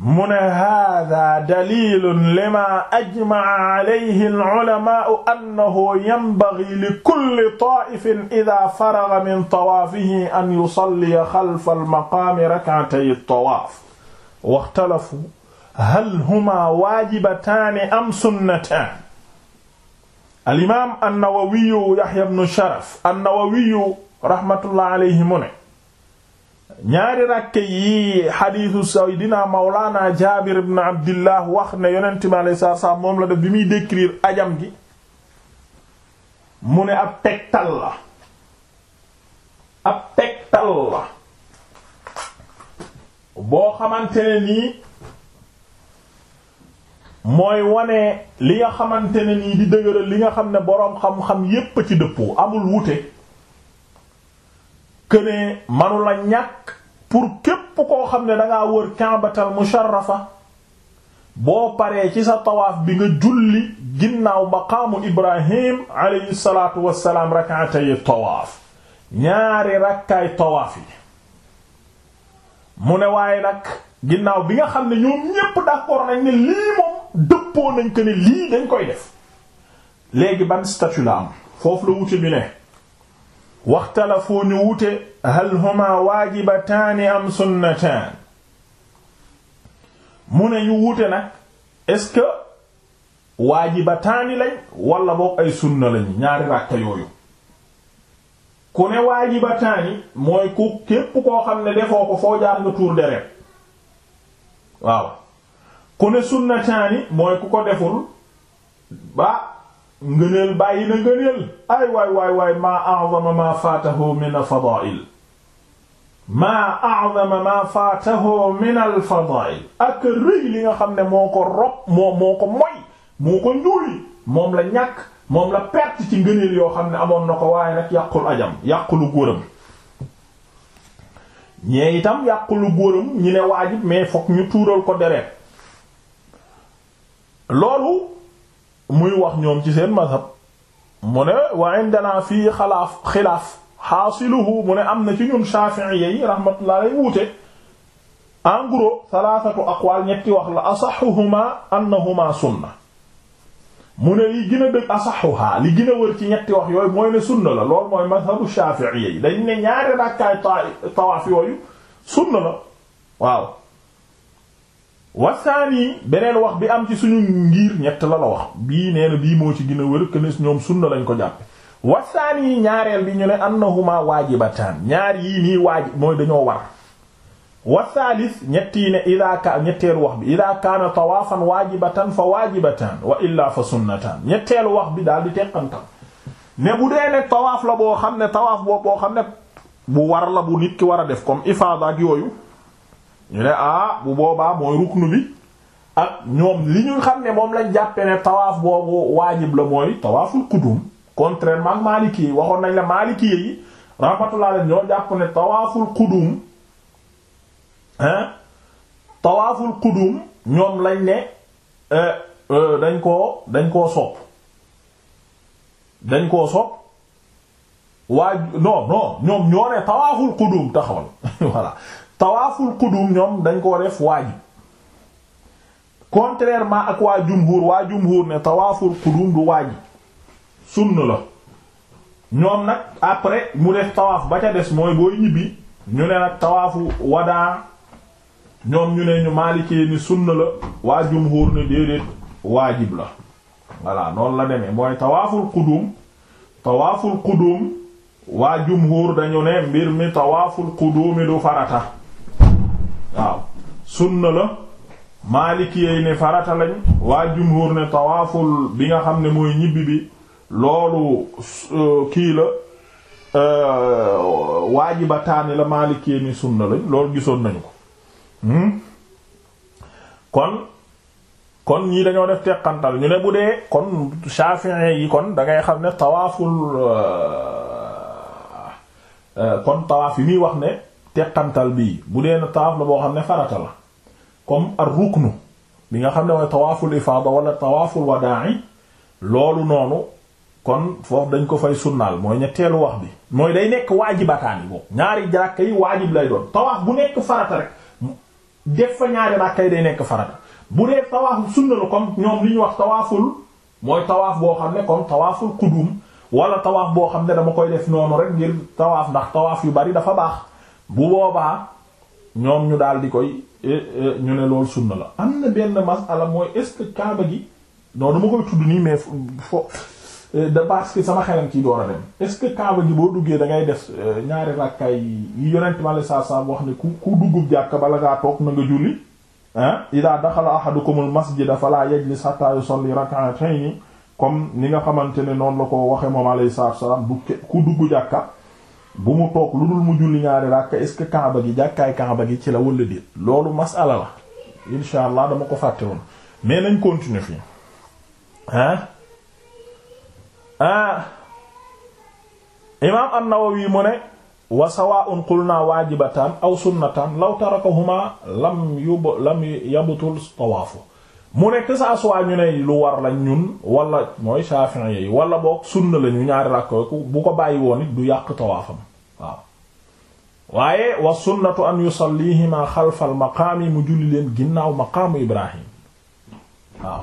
mu ne hada dalilun lima ajmaca alayhi alculamaau annahu yanbagi likulli taifin ida faraga min tawaafihi an yusalliya xalfa almaqaami rakcatay tawaaf waxtalafu hal huma waajibataani am sunnataan alimaam annawawiyu yaxya bnu sharaf annawawiyu raxmatullahi alayhi mu ne ñaari ràkke yi xadiisu saydina mawlaana jaabir ibn abdillah wax ne yonent mi alayhi salaatu salaam moom la def bi muy décrire ajam gi mu ne ab tegtal la ab tegtal la boo xamante ne nii mooy wane li nga xamante ne nii di dëgëral li nga xam ne boroom xam-xam yépp ci dëppoo amul wute kënee manu la ñàkk pour képp koo xam ne dangaa wër kàmbatal musharrafa boo paree ci sa tawaaf bi nga julli ginnaaw ba maqaamu ibrahim alayhi salaatu wassalaam rak'atay tawaaf ñaari rakkaay tawaaf yi mu ne waaye nag ginnaaw bi nga xam ne ñoom ñépp d'accord nañ ne lii moom dëppoo nañ ko ne lii dañ koy def léegi ban statut la am foofu la wuute bi ne waxtalafuu ñu wute hal huma waajibataani am sunnataan mu ne ñu wute nag est-ce que waajibataani lañ wala boog ay sunna lañ ñaari ràkka yooyu ku ne waajibataani mooy ku képp koo xam ne defoo ko foo jaar nga tuur deret waaw ku ne sunnataani mooy ku ko deful ba ngëneel bàyyi na ngëneel ay waay waay waay maa a'zama maa faatahu min al-fadaa'il maa a'zama maa faatahu min al-fadaa'il ak rëy li nga xam ne moo ko rob moo moo ko moy moo ko njuuli moom la ñàkk moom la perte ci ngëneel yoo xam ne amoon na ko waaye nag yàqul ajam yàqulu góoram ñee itam yàqulu góoram ñi ne waajib mais fokk ñu tuural ko deret loolu muy wax ñoom ci seen mazhab mu ne wa indana fii xalaaf xilaaf xaasiluhu mu am na ci ñun Shafi'i yi rahmatullah alayhi wuute en gros thalathatu aqwal ñetti wax la asaxuhuma annahuma sunna mu ne li gën a dëgg asaxuha li gën a wër ci ñetti wax yooyu mooy ne sunna la loolu mooy mazhabu Shafi'i yi dañ ne ñaari rakkaay tawaaf yooyu sunna la waaw wasaani beneen wax bi am ci suñu ngir ñett la la wax bii nee na bii moo ci gën wër kënis ñoom sunna lañ ko jàppe wasaani ñaareel bi ñu ne annahuma waajibataan ñaar yii nii waajib mooy dañoo war wasaalis ñett yi ne ida ka ñetteelu wax bi ida kaana tawaafan waajibatan fa waajibataan wa illaa fa sunnataan ñetteelu wax bi daal di teqantal ne bu dee ne tawaaf la boo xam ne tawaaf boobu boo xam ne bu war la bu nit ki war a def comme ifaada ñu ne ah bu boobaa mooy ruknu bi ak ñoom li ñu xam ne moom lañ jàppe ne tawaaf boobu waajib la mooy tawaaful qudum contrairement ak maliki waxoon nañ la maliki yi rahmatullah leen ñoo jàpp ne tawaaful qudum hein tawaaful qudum ñoom lañ ne euh, euh, dañ koo dañ koo sopp dañ koo sopp waaj non non ñoom ñoo ne tawaaful qudum taxawal [LAUGHS] voilà tawaaful qudum ñoom dañ koo def waajib contrairement ak waa jumhur waa jumhur ne tawaaful qudum du waajib sunn la ñoom nag après mu def tawaaf ba ca des mooy booy ñibbi ñu ne nag tawaafu wadaa ñoom ñu ne ñu maalikee ni sunn la waa jumhur ne déedéet waajib la voilà noonu la demee mooy tawaaful qudum tawaaful qudum waa jumhur dañu ne mbir mi tawaaful qudum du farata waaw sunna la maaliki yi ne farata lañ waa jumhur ne tawaaful bi nga xam ne mooy ñibbi bi loolu euh, kii la euh, waajibataani la maaliki yi ni sunna lañ loolu gisoon nañu ko hmm? kon kon ñii dañoo def teqantal ñu ne bu dee kon Shafi'i yi kon dangay xam ne tawaaful euh, kon tawaaf yi muy wax ne teqantal bii bu dee tawaaf la boo xam ne farata la comme ar ruknu bi nga xam ne mooy tawaaful ifaada wala tawaaful wadaa'i loolu noonu kon foofu dañ ko fay sunnaal mooy ñetteelu wax bi mooy day nekk waajibataan yi boobu ñaari jàkka yi lay doon tawaaf bu nekk farata rek def fa ñaari ràkka day nekk farata bu dee tawaaf sunna la comme ñoom li wax tawaaful mooy tawaaf boo xam ne comme tawaaful qudum wala tawaaf boo xam ne dama koy def noonu rek ngir tawaaf ndax tawaaf yu bari dafa baax bu boobaa ñoom ñu daal di koy eh, eh, ñu ne loolu sunna la am na benn masala mooy est-ce que kaaba gi non dama koy tudd nii mais fo eh, de parce que sama xelam ciy door a dem est-ce que kaaba gi boo duggee da ngay def ñaari rakkaay yi yonent ma la saa saa wax ne ku ku duggub jàkk bala ngaa toog na nga julli ah ida daxala ahadukumul masjida fala yi hatta yusalli rak'atayn comme ni nga xamante ne noonu la ko waxee moom alayhi salaatu wa salaam du ku duggu jàkka bu mu toog lu dul mu julli ñaari ràkk est-ce que kaaba gi jàkkaay kaaba gi ci la wala déet loolu masala la insha allah dama ko fàtte woon mais nañ continuer fii ah ah imaam an-Nawawi mu ne wa sawaa'un qulnaa waajibataan aw sunnataan law tarakahuma lam yub lam yabtul tawaafu mu nekk que ça ñu ne lu war lañ ñun walla mooy Shafi'i yi wala boog sunna la ñu ñaari rakko bu ko bàyyi woon it du yàq tawaafam waaw waaye wa sunnatu an yusallihima xalfal maqaami mu julli leen ginnaaw maqaamu Ibrahim waaw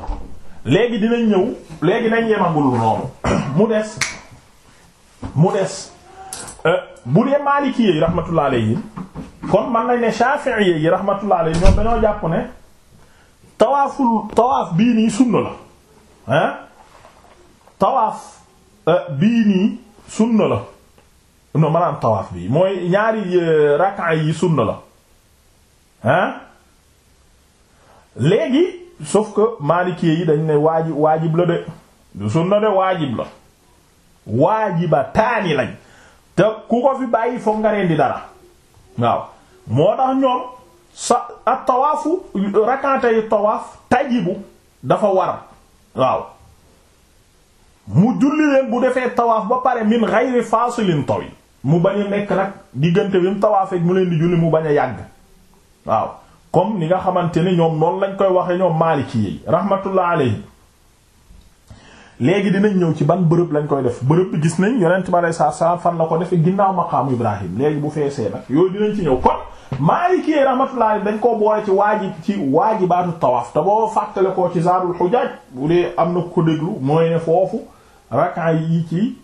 léegi dinañ ñëw léegi nañ yemagul noonu [COUGHS] mu des mu des euh, bu dee Maliki yi rahmatullah alayhi kon man nañ ne Shafi'i yi rahmatullah alayhi ñoom dañoo jàpp ne tawaaful tawaaf bii nii sunna la hein tawaaf euh, bii nii sunna la non maanaam tawaaf bii mooy ñaari euh, rak'a yi sunna la hein léegi sauf que maalikee yi dañ ne waajib waajib la de du sunna de waajib la waajiba taani lañ te ku ko fi bàyyi foog nga dara waaw moo tax ñoom sa ak tawaafu rakante yu tawaaf tajibu dafa war waaw mu julli leen bu defee tawaaf ba pare min ghayri fasilin tawil mu bañ a nekk nag diggante bi mu tawaafee mu leen di julli mu bañ a yàgg waaw comme ni nga xamante ni ñoom noonu lañ koy waxee ñoom maaliki yi rahmatullah alayhi léegi dinañ ñëw ci ban bërëb lañ koy def bërëb bi gis nañ yonent bi alei saatu salaam fan la ko defe ginnaaw maqaamu ibrahim léegi bu feesee nag yooyu dinañ ci ñëw kon Maliki rahmatullah dañ koo boole ci waaji ci waajibaatu tawaaf te boo fàttale koo ci zaadul xujaaj bu dee am na ko déglu mooy ne foofu rakan yi ci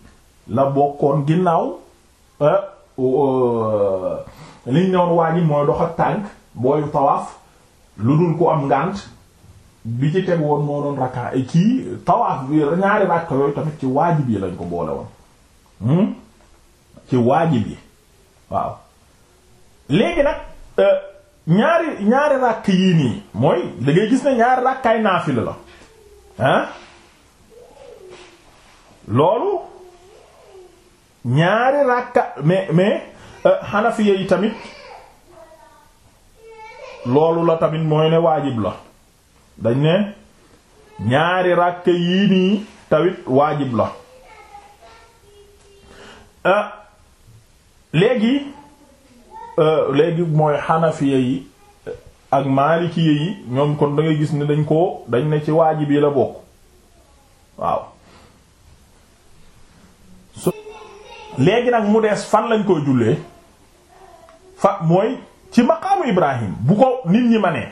la bokkoon ginnaaw euh, euh, liñ newoon waaji mooy dox ak tànk booy tawaaf lu dul ko am ngànt bi ci teg woon moo doon rakka et kii tawaaf bi ñaari rakka yooyu tamit ci waajib yi lañ ko boole woon hmm? ci waajib yi waaw léegi nag euh, ñaari ñaari rakk yii nii mooy dangay gis ne ñaari rakkaay naafila la ah loolu ñaari rakka mais mais euh, Hanafiya yi tamit loolu la tamit mooy ne waajib la. dañ ne ñaari ràkk yii nii tawit waajib la euh, léegi euh, léegi mooy xanafiya yi ak maalikiya yi ñoom kon da gis ni dañ ko dañ ne ci waajib yi la bokk waaw léegi nag mu dees fan lañ koy jullee fa mooy ci maqaamu Ibrahim bu ko nit ñi ma nee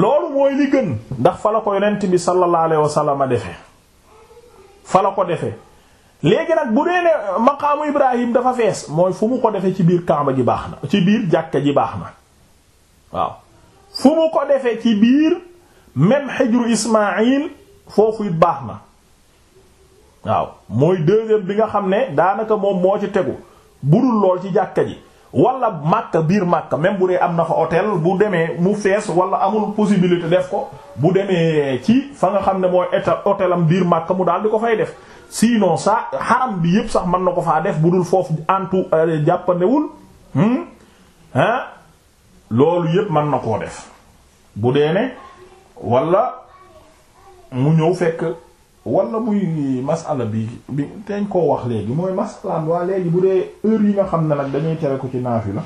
loolu mooy li gën ndax fa la ko yonent bi sallallahu alayhi wa sallam defee fa la ko defe léegi nag bu dee ne maqaamu Ibrahim dafa fees mooy fu mu ko defee ci biir Kaaba ji baax na ci biir jàkka ji baax na waaw fu mu ko defee ci biir même xijru Ismaïl foofu it baax na waaw mooy deuxième bi nga xam ne daanaka moom moo ci tegu budul lool ci jàkka ji. wala Makka biir Makka même bu dee am na fa hôtel bu demee mu fees wala amul possibilité def ko bu demee ci fa nga xam ne mooy état hôtel am biir Makka mu daal di ko fay def sinon sa xaram bi yëpp sax mën na ko faa def bu dul foofu antu euh, jàppandewul ah loolu yëpp mën na koo def bu dee ne wala mu ñëw fekk walla muy masala bi bi teeñ koo wax léegi mooy masalaan waa léegi bu dee heure yi nga xam ne nag dañuy tere ko ci naafila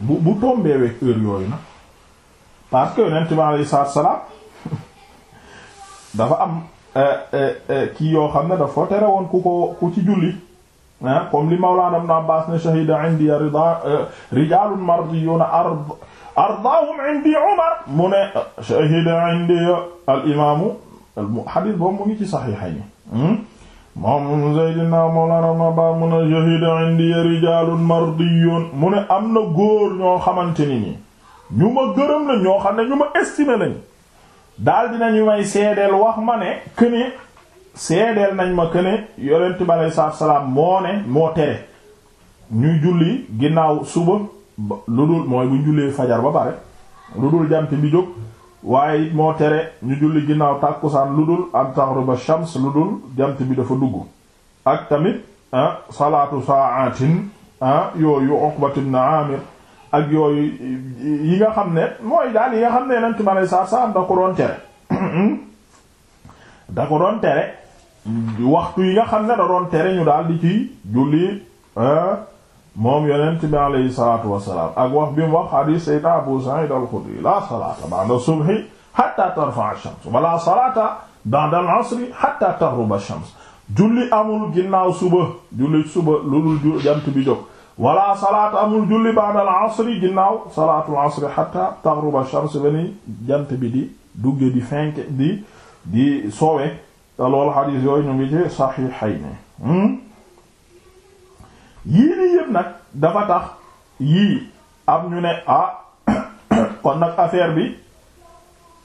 bu bu tombee week heure yooyu nag parce que yonent bi alayhi salaam [LAUGHS] dafa am eh, eh, eh, kii yoo xam ne daf ko tere woon ku ko ku ci julli ah li Mawlaana Ibn Abbaas ne shahida indi rida rijaalun mardiyuuna ardaahum indi Umar mu ne shahida indi al xadis boobu mu ngi ci saxiixayni hmm? moom Seydina Mawlana Maba mu ne shahida indi rijaalun mardiyun mu ne am na góor ñoo xamante ni nii ñu ma gërëm lañ ñoo xam ne ñu ma estimé lañ daal dinañu may seedeel wax ma ne këne seedeel nañ ma këne yonent bi aleyhi salaatu salaam moo ne moo tere ñuy julli ginnaaw suba lu dul mooy bu jullee fajar ba pare lu dul jant bi jóg waaye it moo tere ñu julli ginnaaw tàkkusaan lu dul am taghruba shams lu dul jant bi dafa dugg ak tamit ah, salaatu sa'atin ah, yooyu Uqbat ibn Amir ak yooyu yi nga xam ne mooy daal yi nga xam ne yenent ma lay saa saam da ko doon tere [COUGHS] da ko doon tere waxtu yi nga xam ne da doon tere ñu daal di ci julli ah, moom yonent bi alayhi salaatu wassalaam ak wax bi mu wax hadith sayyidina Abu Sa'id al-Khudri la salaata ba'da subhi hatta tarfa'a ash-shams wala salaata ba'da al-'asri hatta taghruba ash-shams julli amul ginnaaw suba julli suba loolu jant bi jóg wala salaat amul julli ba'da al-'asri ginnaaw salaatul 'asri hatta taghruba ash-shams bani jant bi di dugge di fenk di di soowe te loolu hadith yooyu ñu ngi ci sahihayn hmm? yii nii yëpp nag dafa tax yii am ñu ne a ah, [COUGHS] kon nag affaire bi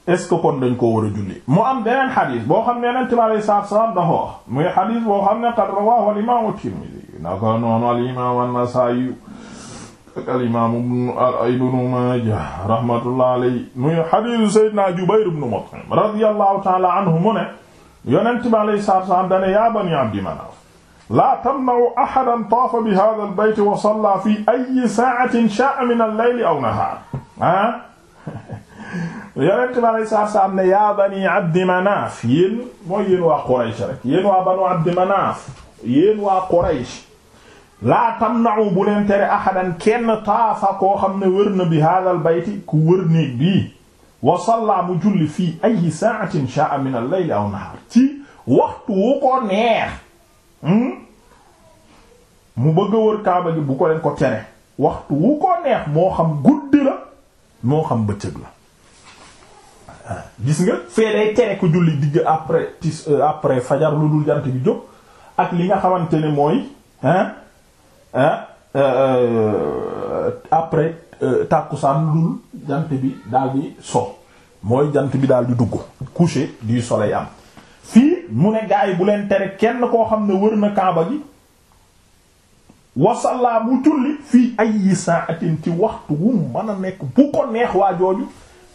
est-ce que kon dañ koo war a julli mu am beneen xadis boo xam ne yonent bi alayhi salaatu wa salaam dafa wax muy xadis boo xam ne qad rawaahu al imaamu Tirmidi naka noonu al imaamu An-Nasaa'i ak al imaamu Ibnu Maaja rahmatullah alayhi muy xadisu Seydina Jubayr ibnu Mut'im radiyallahu ta'ala anhu mu ne yonent bi alayhi salaatu wa salaam dane yaa bani Abdi Manaaf laa tamna'u ahadan taafa bi haadha al-bayt wa salla fi ayyi sa'atin shaa'a min al-layli aw nahaar ah [LAUGHS] yonent bi alei saatu salaam ne yaa bani abdi manaaf yéen mooy yéen waa Quraysh rek yéen waa banu abdi manaaf yéen waa Quraysh laa tamna'u bu leen tere ahadan kenn taafa koo xam ne wër na bi haadha al-bayti ku wër néeg bii wa salla mu julli fii ayyi sa'atin shaa'a min al-layli aw nahaar ci waxtu wu ko neex Hmm? mu bëgg a wër kaaba gi bu ko leen ko tere waxtu wu ko neex moo xam guddi la moo xam bëccëg la gis nga fee day tere ku julli digg après tis euh, après fajar lu dul jant bi jóg ak li nga xamante ne mooy euh, après euh, tàkkusaan lu dul jant bi daal di so mooy jant bi daal di dugg coucher du soleil am fii mu ne gaa yi tere kenn koo xam ne wër na kaaba gi wasalla mu julli fii ayyi saatin ci waxtu wum mën a nekk bu ko neex waa jooju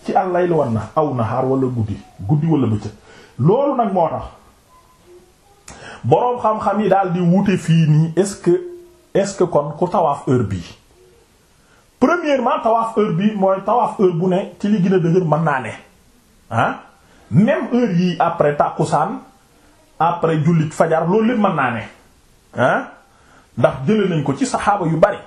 ci àllay lu war na aw nahaar wala guddi guddi wala bëccëg loolu nag moo tax boroom xam-xam yi daal di wute fii nii est-ce que est-ce que kon ku tawaaf heure bii premièrement tawaaf heure bii mooy tawaaf heure bu ne ci li gën a dëgër mën naa ne ah heure yii après tàkkusaan après jullit fajar loolu lépp mën naa ne ah ndax jële nañ ko ci saxaaba yu bari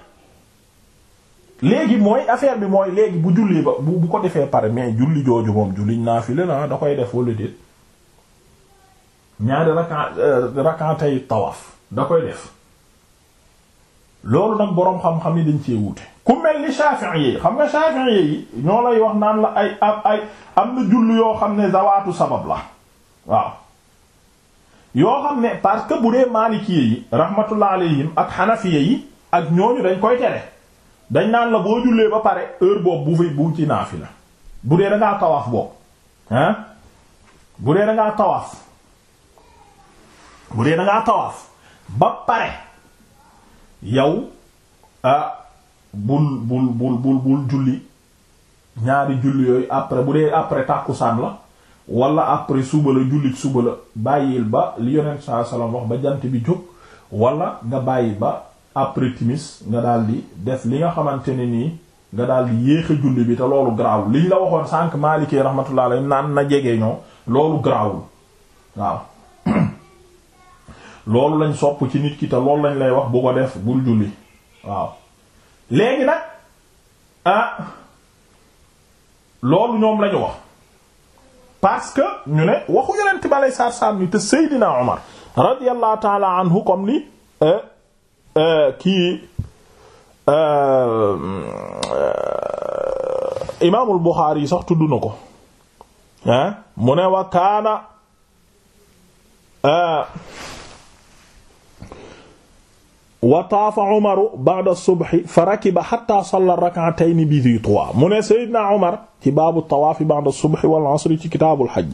léegi mooy affaire bi mooy léegi bu julli ba bu bu ko defee pare mais julli jooju moom julliñ naa fi la da koy def wala déet ñaari raka euh, rakantay tawaaf da koy def loolu nag boroom xam-xam yi dañ cee wuute ku mel ni Shafi'i yi xam nga Shafi'i yi ñoo lay wax naan la ay ay am na julli yoo xam ne zawaatu sabab la waaw yoo xam ne parce que bu dee maalikiye yi rahmatullah alayhim ak xanafiye yi ak ñooñu dañ koy tere dañ naan la boo jullee ba pare heure boobu bu fi bu ci naafi la bu dee da ngaa boobu ah bu dee da ngaa bu dee da ngaa ba pare yow ah bul bul bul bul bul julli ñaari julli yooyu après bu dee après tàkkusaan la wala après suba la jullit suba la bàyyil ba li yonent saa salaam wax ba jant bi jóg wala nga bàyyi ba après timis nga daal di def li nga xamante ne nii nga daal di yéex a julli bi te loolu garaawul liñ la waxoon sànq maalikee rahmatullah alayhi naan na jege ñoo loolu garaawul waaw [COUGHS] loolu lañ sopp ci nit ki te loolu lañ lay wax bu ko def bul julli waaw léegi nag ah, loolu ñoom lañu wax. parce que ñu ne waxu yonent ni te Seydina Omar radiyallahu taala anhu ni euh, euh, kii euh, imaamul Buxaari yi sax tudd mu ne wa wa taafa umaru ba'da subhi fa rakiba hatta salla rak'atayn bi dhi tuwa mu ne Seydina Umar ci baabu tawaafi ba'da subhi wal asri ci kitaabul hajj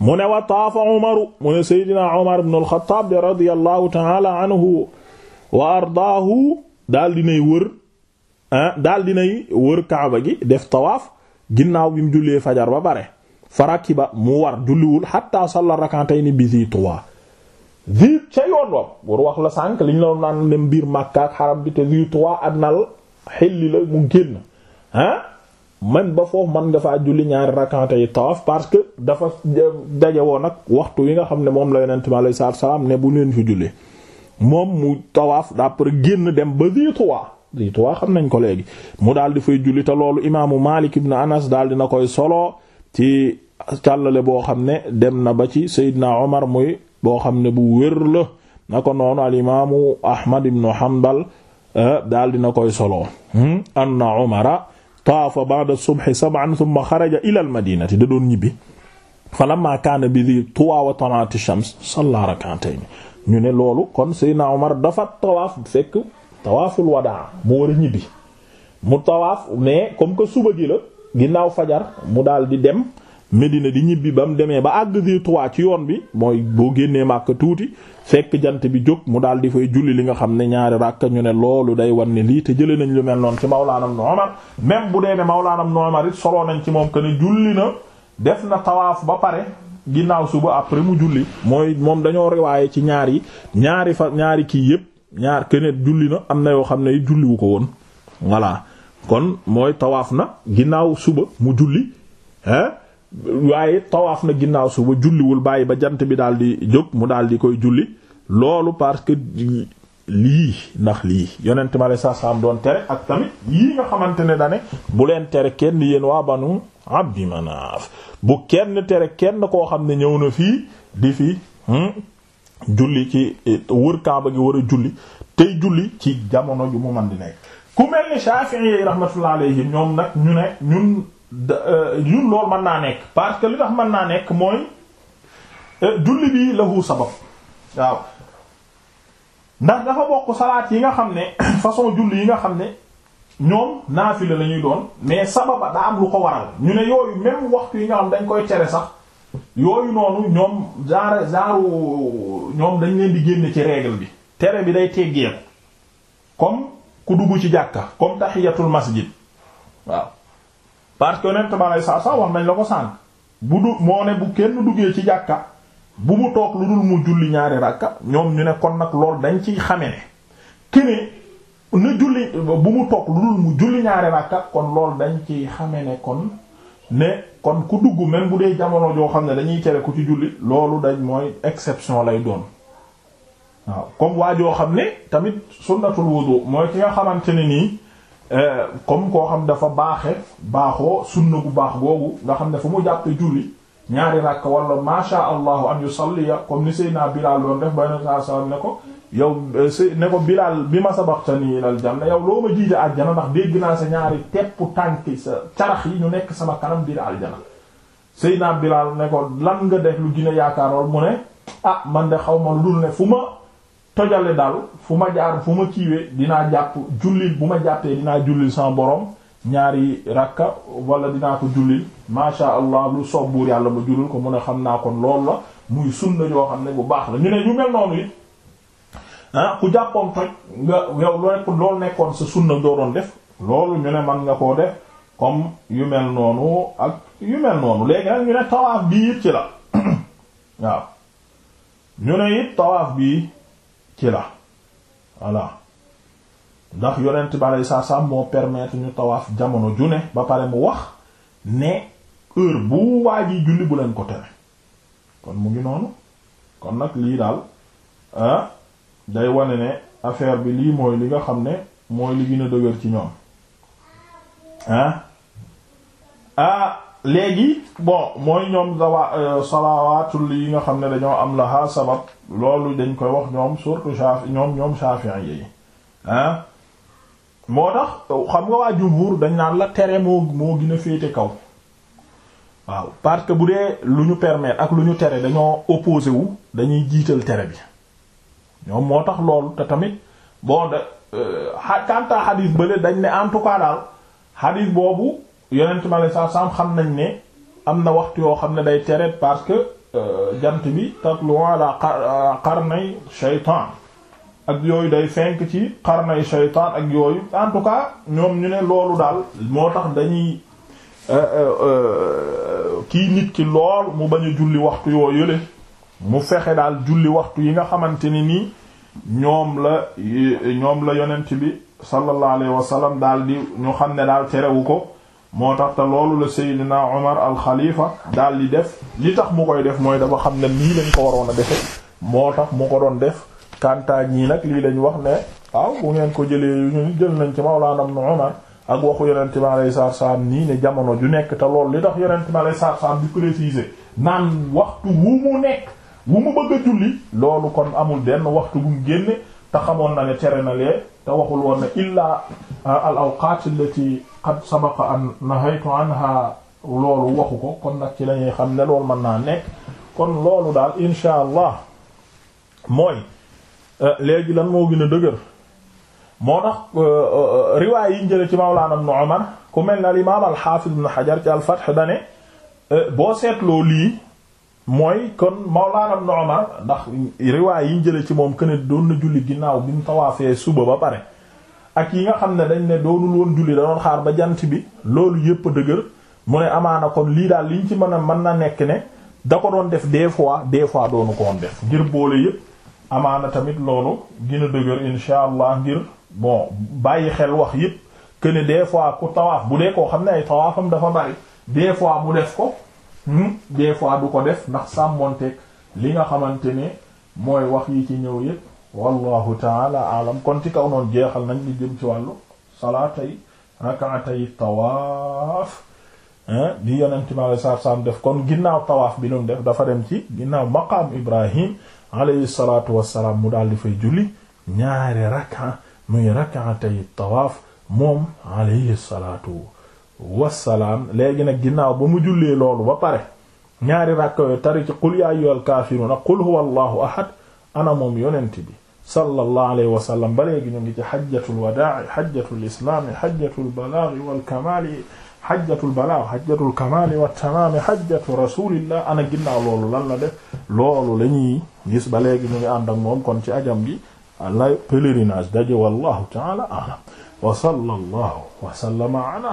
mu ne wa taafa umaru mu ne Seydina Umar ibn al-Khattab radiyallahu ta'ala anhu wa ardaahu daal dinay wër ah daal dinay wër Kaaba gi def tawaaf ginnaaw bi mu jullee fajar ba pare fa rakiba mu war julliwul hatta salla rak'atayn bi dhi tuwa ville ca yoon wam war wax la sànq liñ la naan ne mbir Makka ak xaram bi te ville trois adnal xelli la mu génn ah man ba foofu man nga faa julli ñaari rakante yi tawaf parce que dafa daje woon nag waxtu wi nga xam ne moom la yonent mi alayhi salaatu salaam ne bu leen fi jullee moom mu tawaaf d'après génn dem ba ville trois ville trois xam nañ ko léegi mu daal di fay julli te loolu imaamu Maalik ibn Anas daal dina koy solo ci càllale boo xam ne dem na ba ci Seydina Omar muy. boo xam ne bu wér la na ko noonu al imaamu ahmad ibnu hanbal eh, daal dina koy solo hmm? anna umara taafa ba'da subhi sab'an thumma ila al da doon ñibbi falamma kaana bi di tuwa wa shams salla rak'atayn ñu ne loolu kon Seydina Omar dafa tawaaf fekk tawaaful wadaa mu war ñibbi mu tawaaf mais comme que suba gi la ginnaaw fajar mu daal di dem Medina di ñibbi ba mu demee ba àgg di trois ci yoon bi mooy boo génnee màkk tuuti fekk jant bi jóg mu daal di fay julli li nga xam ne ñaari ràkk ñu ne loolu day wan ne lii te jëlee nañ lu mel noonu ci Mawlaana Ibn Umar même bu dee ne Mawlaana Ibn it soloo nañ ci moom que ne julli na def na tawaaf ba pare ginnaaw suba après mu julli. mooy moom dañoo riwaaye ci ñaar yi ñaari fa ñaari kii yëpp ñaar que ne julli na am na yoo xam ne julliwu ko woon voilà kon mooy tawaaf na ginnaaw suba mu julli waaye tawaaf na ginnaaw suba julliwul bàyyi ba jant bi daal di jóg mu daal di koy julli loolu parce que lii ndax lii yonent ma la saa saam doon tere ak tamit yii nga xamante ne dane bu leen tere kenn yéen waa banu abdi manaaf bu kenn tere kenn koo xam ne ñëw na fii di fi hmm, julli ci wër kaaba gi war a julli tey julli ci jamono ju mu man di nekk ku mel ni Shafi'i yi rahmatullah alayhi ñoom nag ñu ne ñun Euh, ñun loolu mën naa nekk parce que li tax mën naa nekk mooy euh, julli bi lahu sabab waaw ndax dafa bokk salaat yi nga xam ne [COUGHS] façon julli yi nga xam ne ñoom naafila la ñuy doon mais sababa daa am lu ko waral ñu ne yooyu même waxtu yi nga xam dañ koy tere sax yooyu noonu ñoom genre genre ñoom dañ leen di génne ci règle bi tere bi day teggeeku comme ku dugg ci jàkka comme tahiyatul masjid waaw parce que yonent ma lay saa saa wax nañ la ko sànq bu du moo ne bu kenn duggee ci jàkka bu mu toog lu dul mu julli ñaari ràkka ñoom ñu ne kon nag loolu dañ ciy xame ne kene na julli bu mu toog lu mu julli ñaari ràkka kon loolu dañ ci xame ne kon ne kon ku dugg même bu dee jamono joo xam ne dañuy tere ku ci julli loolu dañ mooy exception lay doon waaw comme waa joo xam ne tamit sunnatul wudu mooy ki nga xamante ne nii Euh, comme koo xam dafa baaxe baaxoo sunna gu baax googu nga xam ne fu mu jàppe julli ñaari ràkk wala ma sha allahu an yusalliya comme ni Seydina Bilaal doon def ba yonent saa ne ko yow euh, ne ko Bilaal bi ma sabaqtani ilal janna yow loo ma jiite aljana ndax dégg naa sa ñaari tepp tànki sa carax yi ñu nekk sama kanam biir aljana Seydina Bilaal ne ko lan nga def lu gën a yaakaar mu ne ah man de xaw ma lu dul ne fu ma tojale daal fu ma jaar fu ma kiiwee dinaa jàpp jullil bu ma jàppee dinaa jullil sama borom ñaari rakka wala dinaa ko jullil masha allah lu soob buur yàlla ma jullil ko mun a xam naa kon loolu la muy sunna yoo xam ne bu baax la ñu ne ñu mel noonu it ah ku jàppoon toj nga yow loolu nekkoon sa sunna doo doon def loolu ñu ne man nga koo def comme yu mel noonu ak yu mel noonu léegi nag ñu ne tawaaf bii it ci la [COUGHS] waaw ñu ne it tawaaf bii ci la voilà ndax yonent bi alei saat moo permettre ñu tawaaf jamono ju ne ba pare mu wax ne heure bu waa ji julli bu leen ko tere kon mu ngi noonu kon nag lii daal ah day wane ne affaire bi lii mooy li nga xam ne mooy li gën a dëgër ci ñoom ah ah léegi bon mooy ñoom nga dawa euh, salawaatul yi nga xam ne dañoo am la ha sabab loolu dañ koy wax ñoom surtout Shafi ñoom ñoom Shafi'i yi ah moo tax xam nga waa jumhur dañ naan la tere moo moo gën a féete kaw waaw parce que bu dee lu ñu permettre ak lu ñu tere dañoo opposé wu dañuy jiital tere bi ñoom moo tax loolu te tamit bon de euh, quant à hadith bële dañ ne en tout cas daal hadith boobu. yonent mi alayhi salaam xam nañ ne am na waxtu yoo xam ne day tere parce que euh, jant bi tatlu ala euh, qarnay shaytaan ak yooyu day fenk ci qarnay shaytaan ak yooyu en tout ñoom ñu ne loolu daal moo tax dañuy euh, kii nit ki lool mu bañ a julli waxtu yoo yële mu fexe daal julli waxtu yi nga xamante ni nii ñoom la ñoom la yonent bi sallallahu alayhi wa sallam daal di ñu xam ne daal terewu ko moo tax te loolu la Seydina Omar al-Khalifa daal di def li tax mu koy def mooy dafa xam ne nii lañ ko waroon a defe moo tax mu ko doon def kantaa ñii nag lii lañ wax ne waaw bu ngeen ko jëlee yu ñu jël nañ ci Mawlana Omar ak waxu yonente mi alayhi salaatu salaam nii ne jamono ju nekk te loolu li tax yonente mi alayhi salaatu salaam di préciser naan waxtu wu mu nekk wu mu bëgg a julli loolu kon amul benn waxtu bu mu génne te xamoon na ne tere na lee te woon ne illaa al awqat allati qad sabaqa an nahaytu anha loolu waxu ko kon nag ci lañuy xam ne loolu man naa nekk kon loolu daal insha allah mooy euh, léegi lan moo gën a dëgër moo tax euh, euh, riwaay yi ñu jële ci mawlaana ibn Umar ku mel na al imaam al xaafis ibn Hajar ci al Fath dane boo seetloo lii mooy kon Mawlaana Ibn Umar ndax riwaay yi ñu jëlee ci moom kenn doon na julli ginnaaw bi mu tawaafee suba ba pare ak yi nga xam ne dañ ne doonul woon julli da doon xaar ba jant bi loolu yépp dëgër mu ne amaana kon lii daal liñ ci mën a mën na nekk ne da ko doon def des fois des fois doonu ko woon def ngir boole yépp amaana tamit loolu gën a dëgër insha ngir bon bàyyi xel wax yépp que ne des fois ku tawaaf bu dee koo xam ne ay tawaafam dafa bari des fois mu def ko. ñun des fois du ko def ndax sàmmonteeg li nga xamante ne mooy wax yi ci ñëw yëpp wallahu taala alam kon ci kaw noonu jeexal nañ li jëm ci wàllu salaata yi rakaata yi tawaaf di yonent mi alei satu salaam def kon ginnaaw tawaaf bi lum def dafa dem ci ginnaaw maqaam ibrahim alayhi salatu wassalaam mu daal di fay julli ñaari raka muy rakaata yi tawaaf moom alayhi salatu wasalaam léegi nag ginnaaw ba mu jullee loolu ba pare ñaari ràkka yooyu tari ci qul yaa ayyuhal kaafiruuna qul huwa allahu ahad ana moom yonent bi sallallahu alayhi wa sallam ba léegi ñu ngi ci xajjatul wadaa xajjatul islaami xajjatul balaagi wal kamaali xajjatul balaag xajjatul kamaali wat tamaami xajjatu rasulillah ana ginnaaw loolu lan la def loolu la ñuy ba léegi ñu ngi ànd ak moom kon ci ajam gi la pèlerinage daje wallahu taala a'lam wa sallallahu wa sallama ala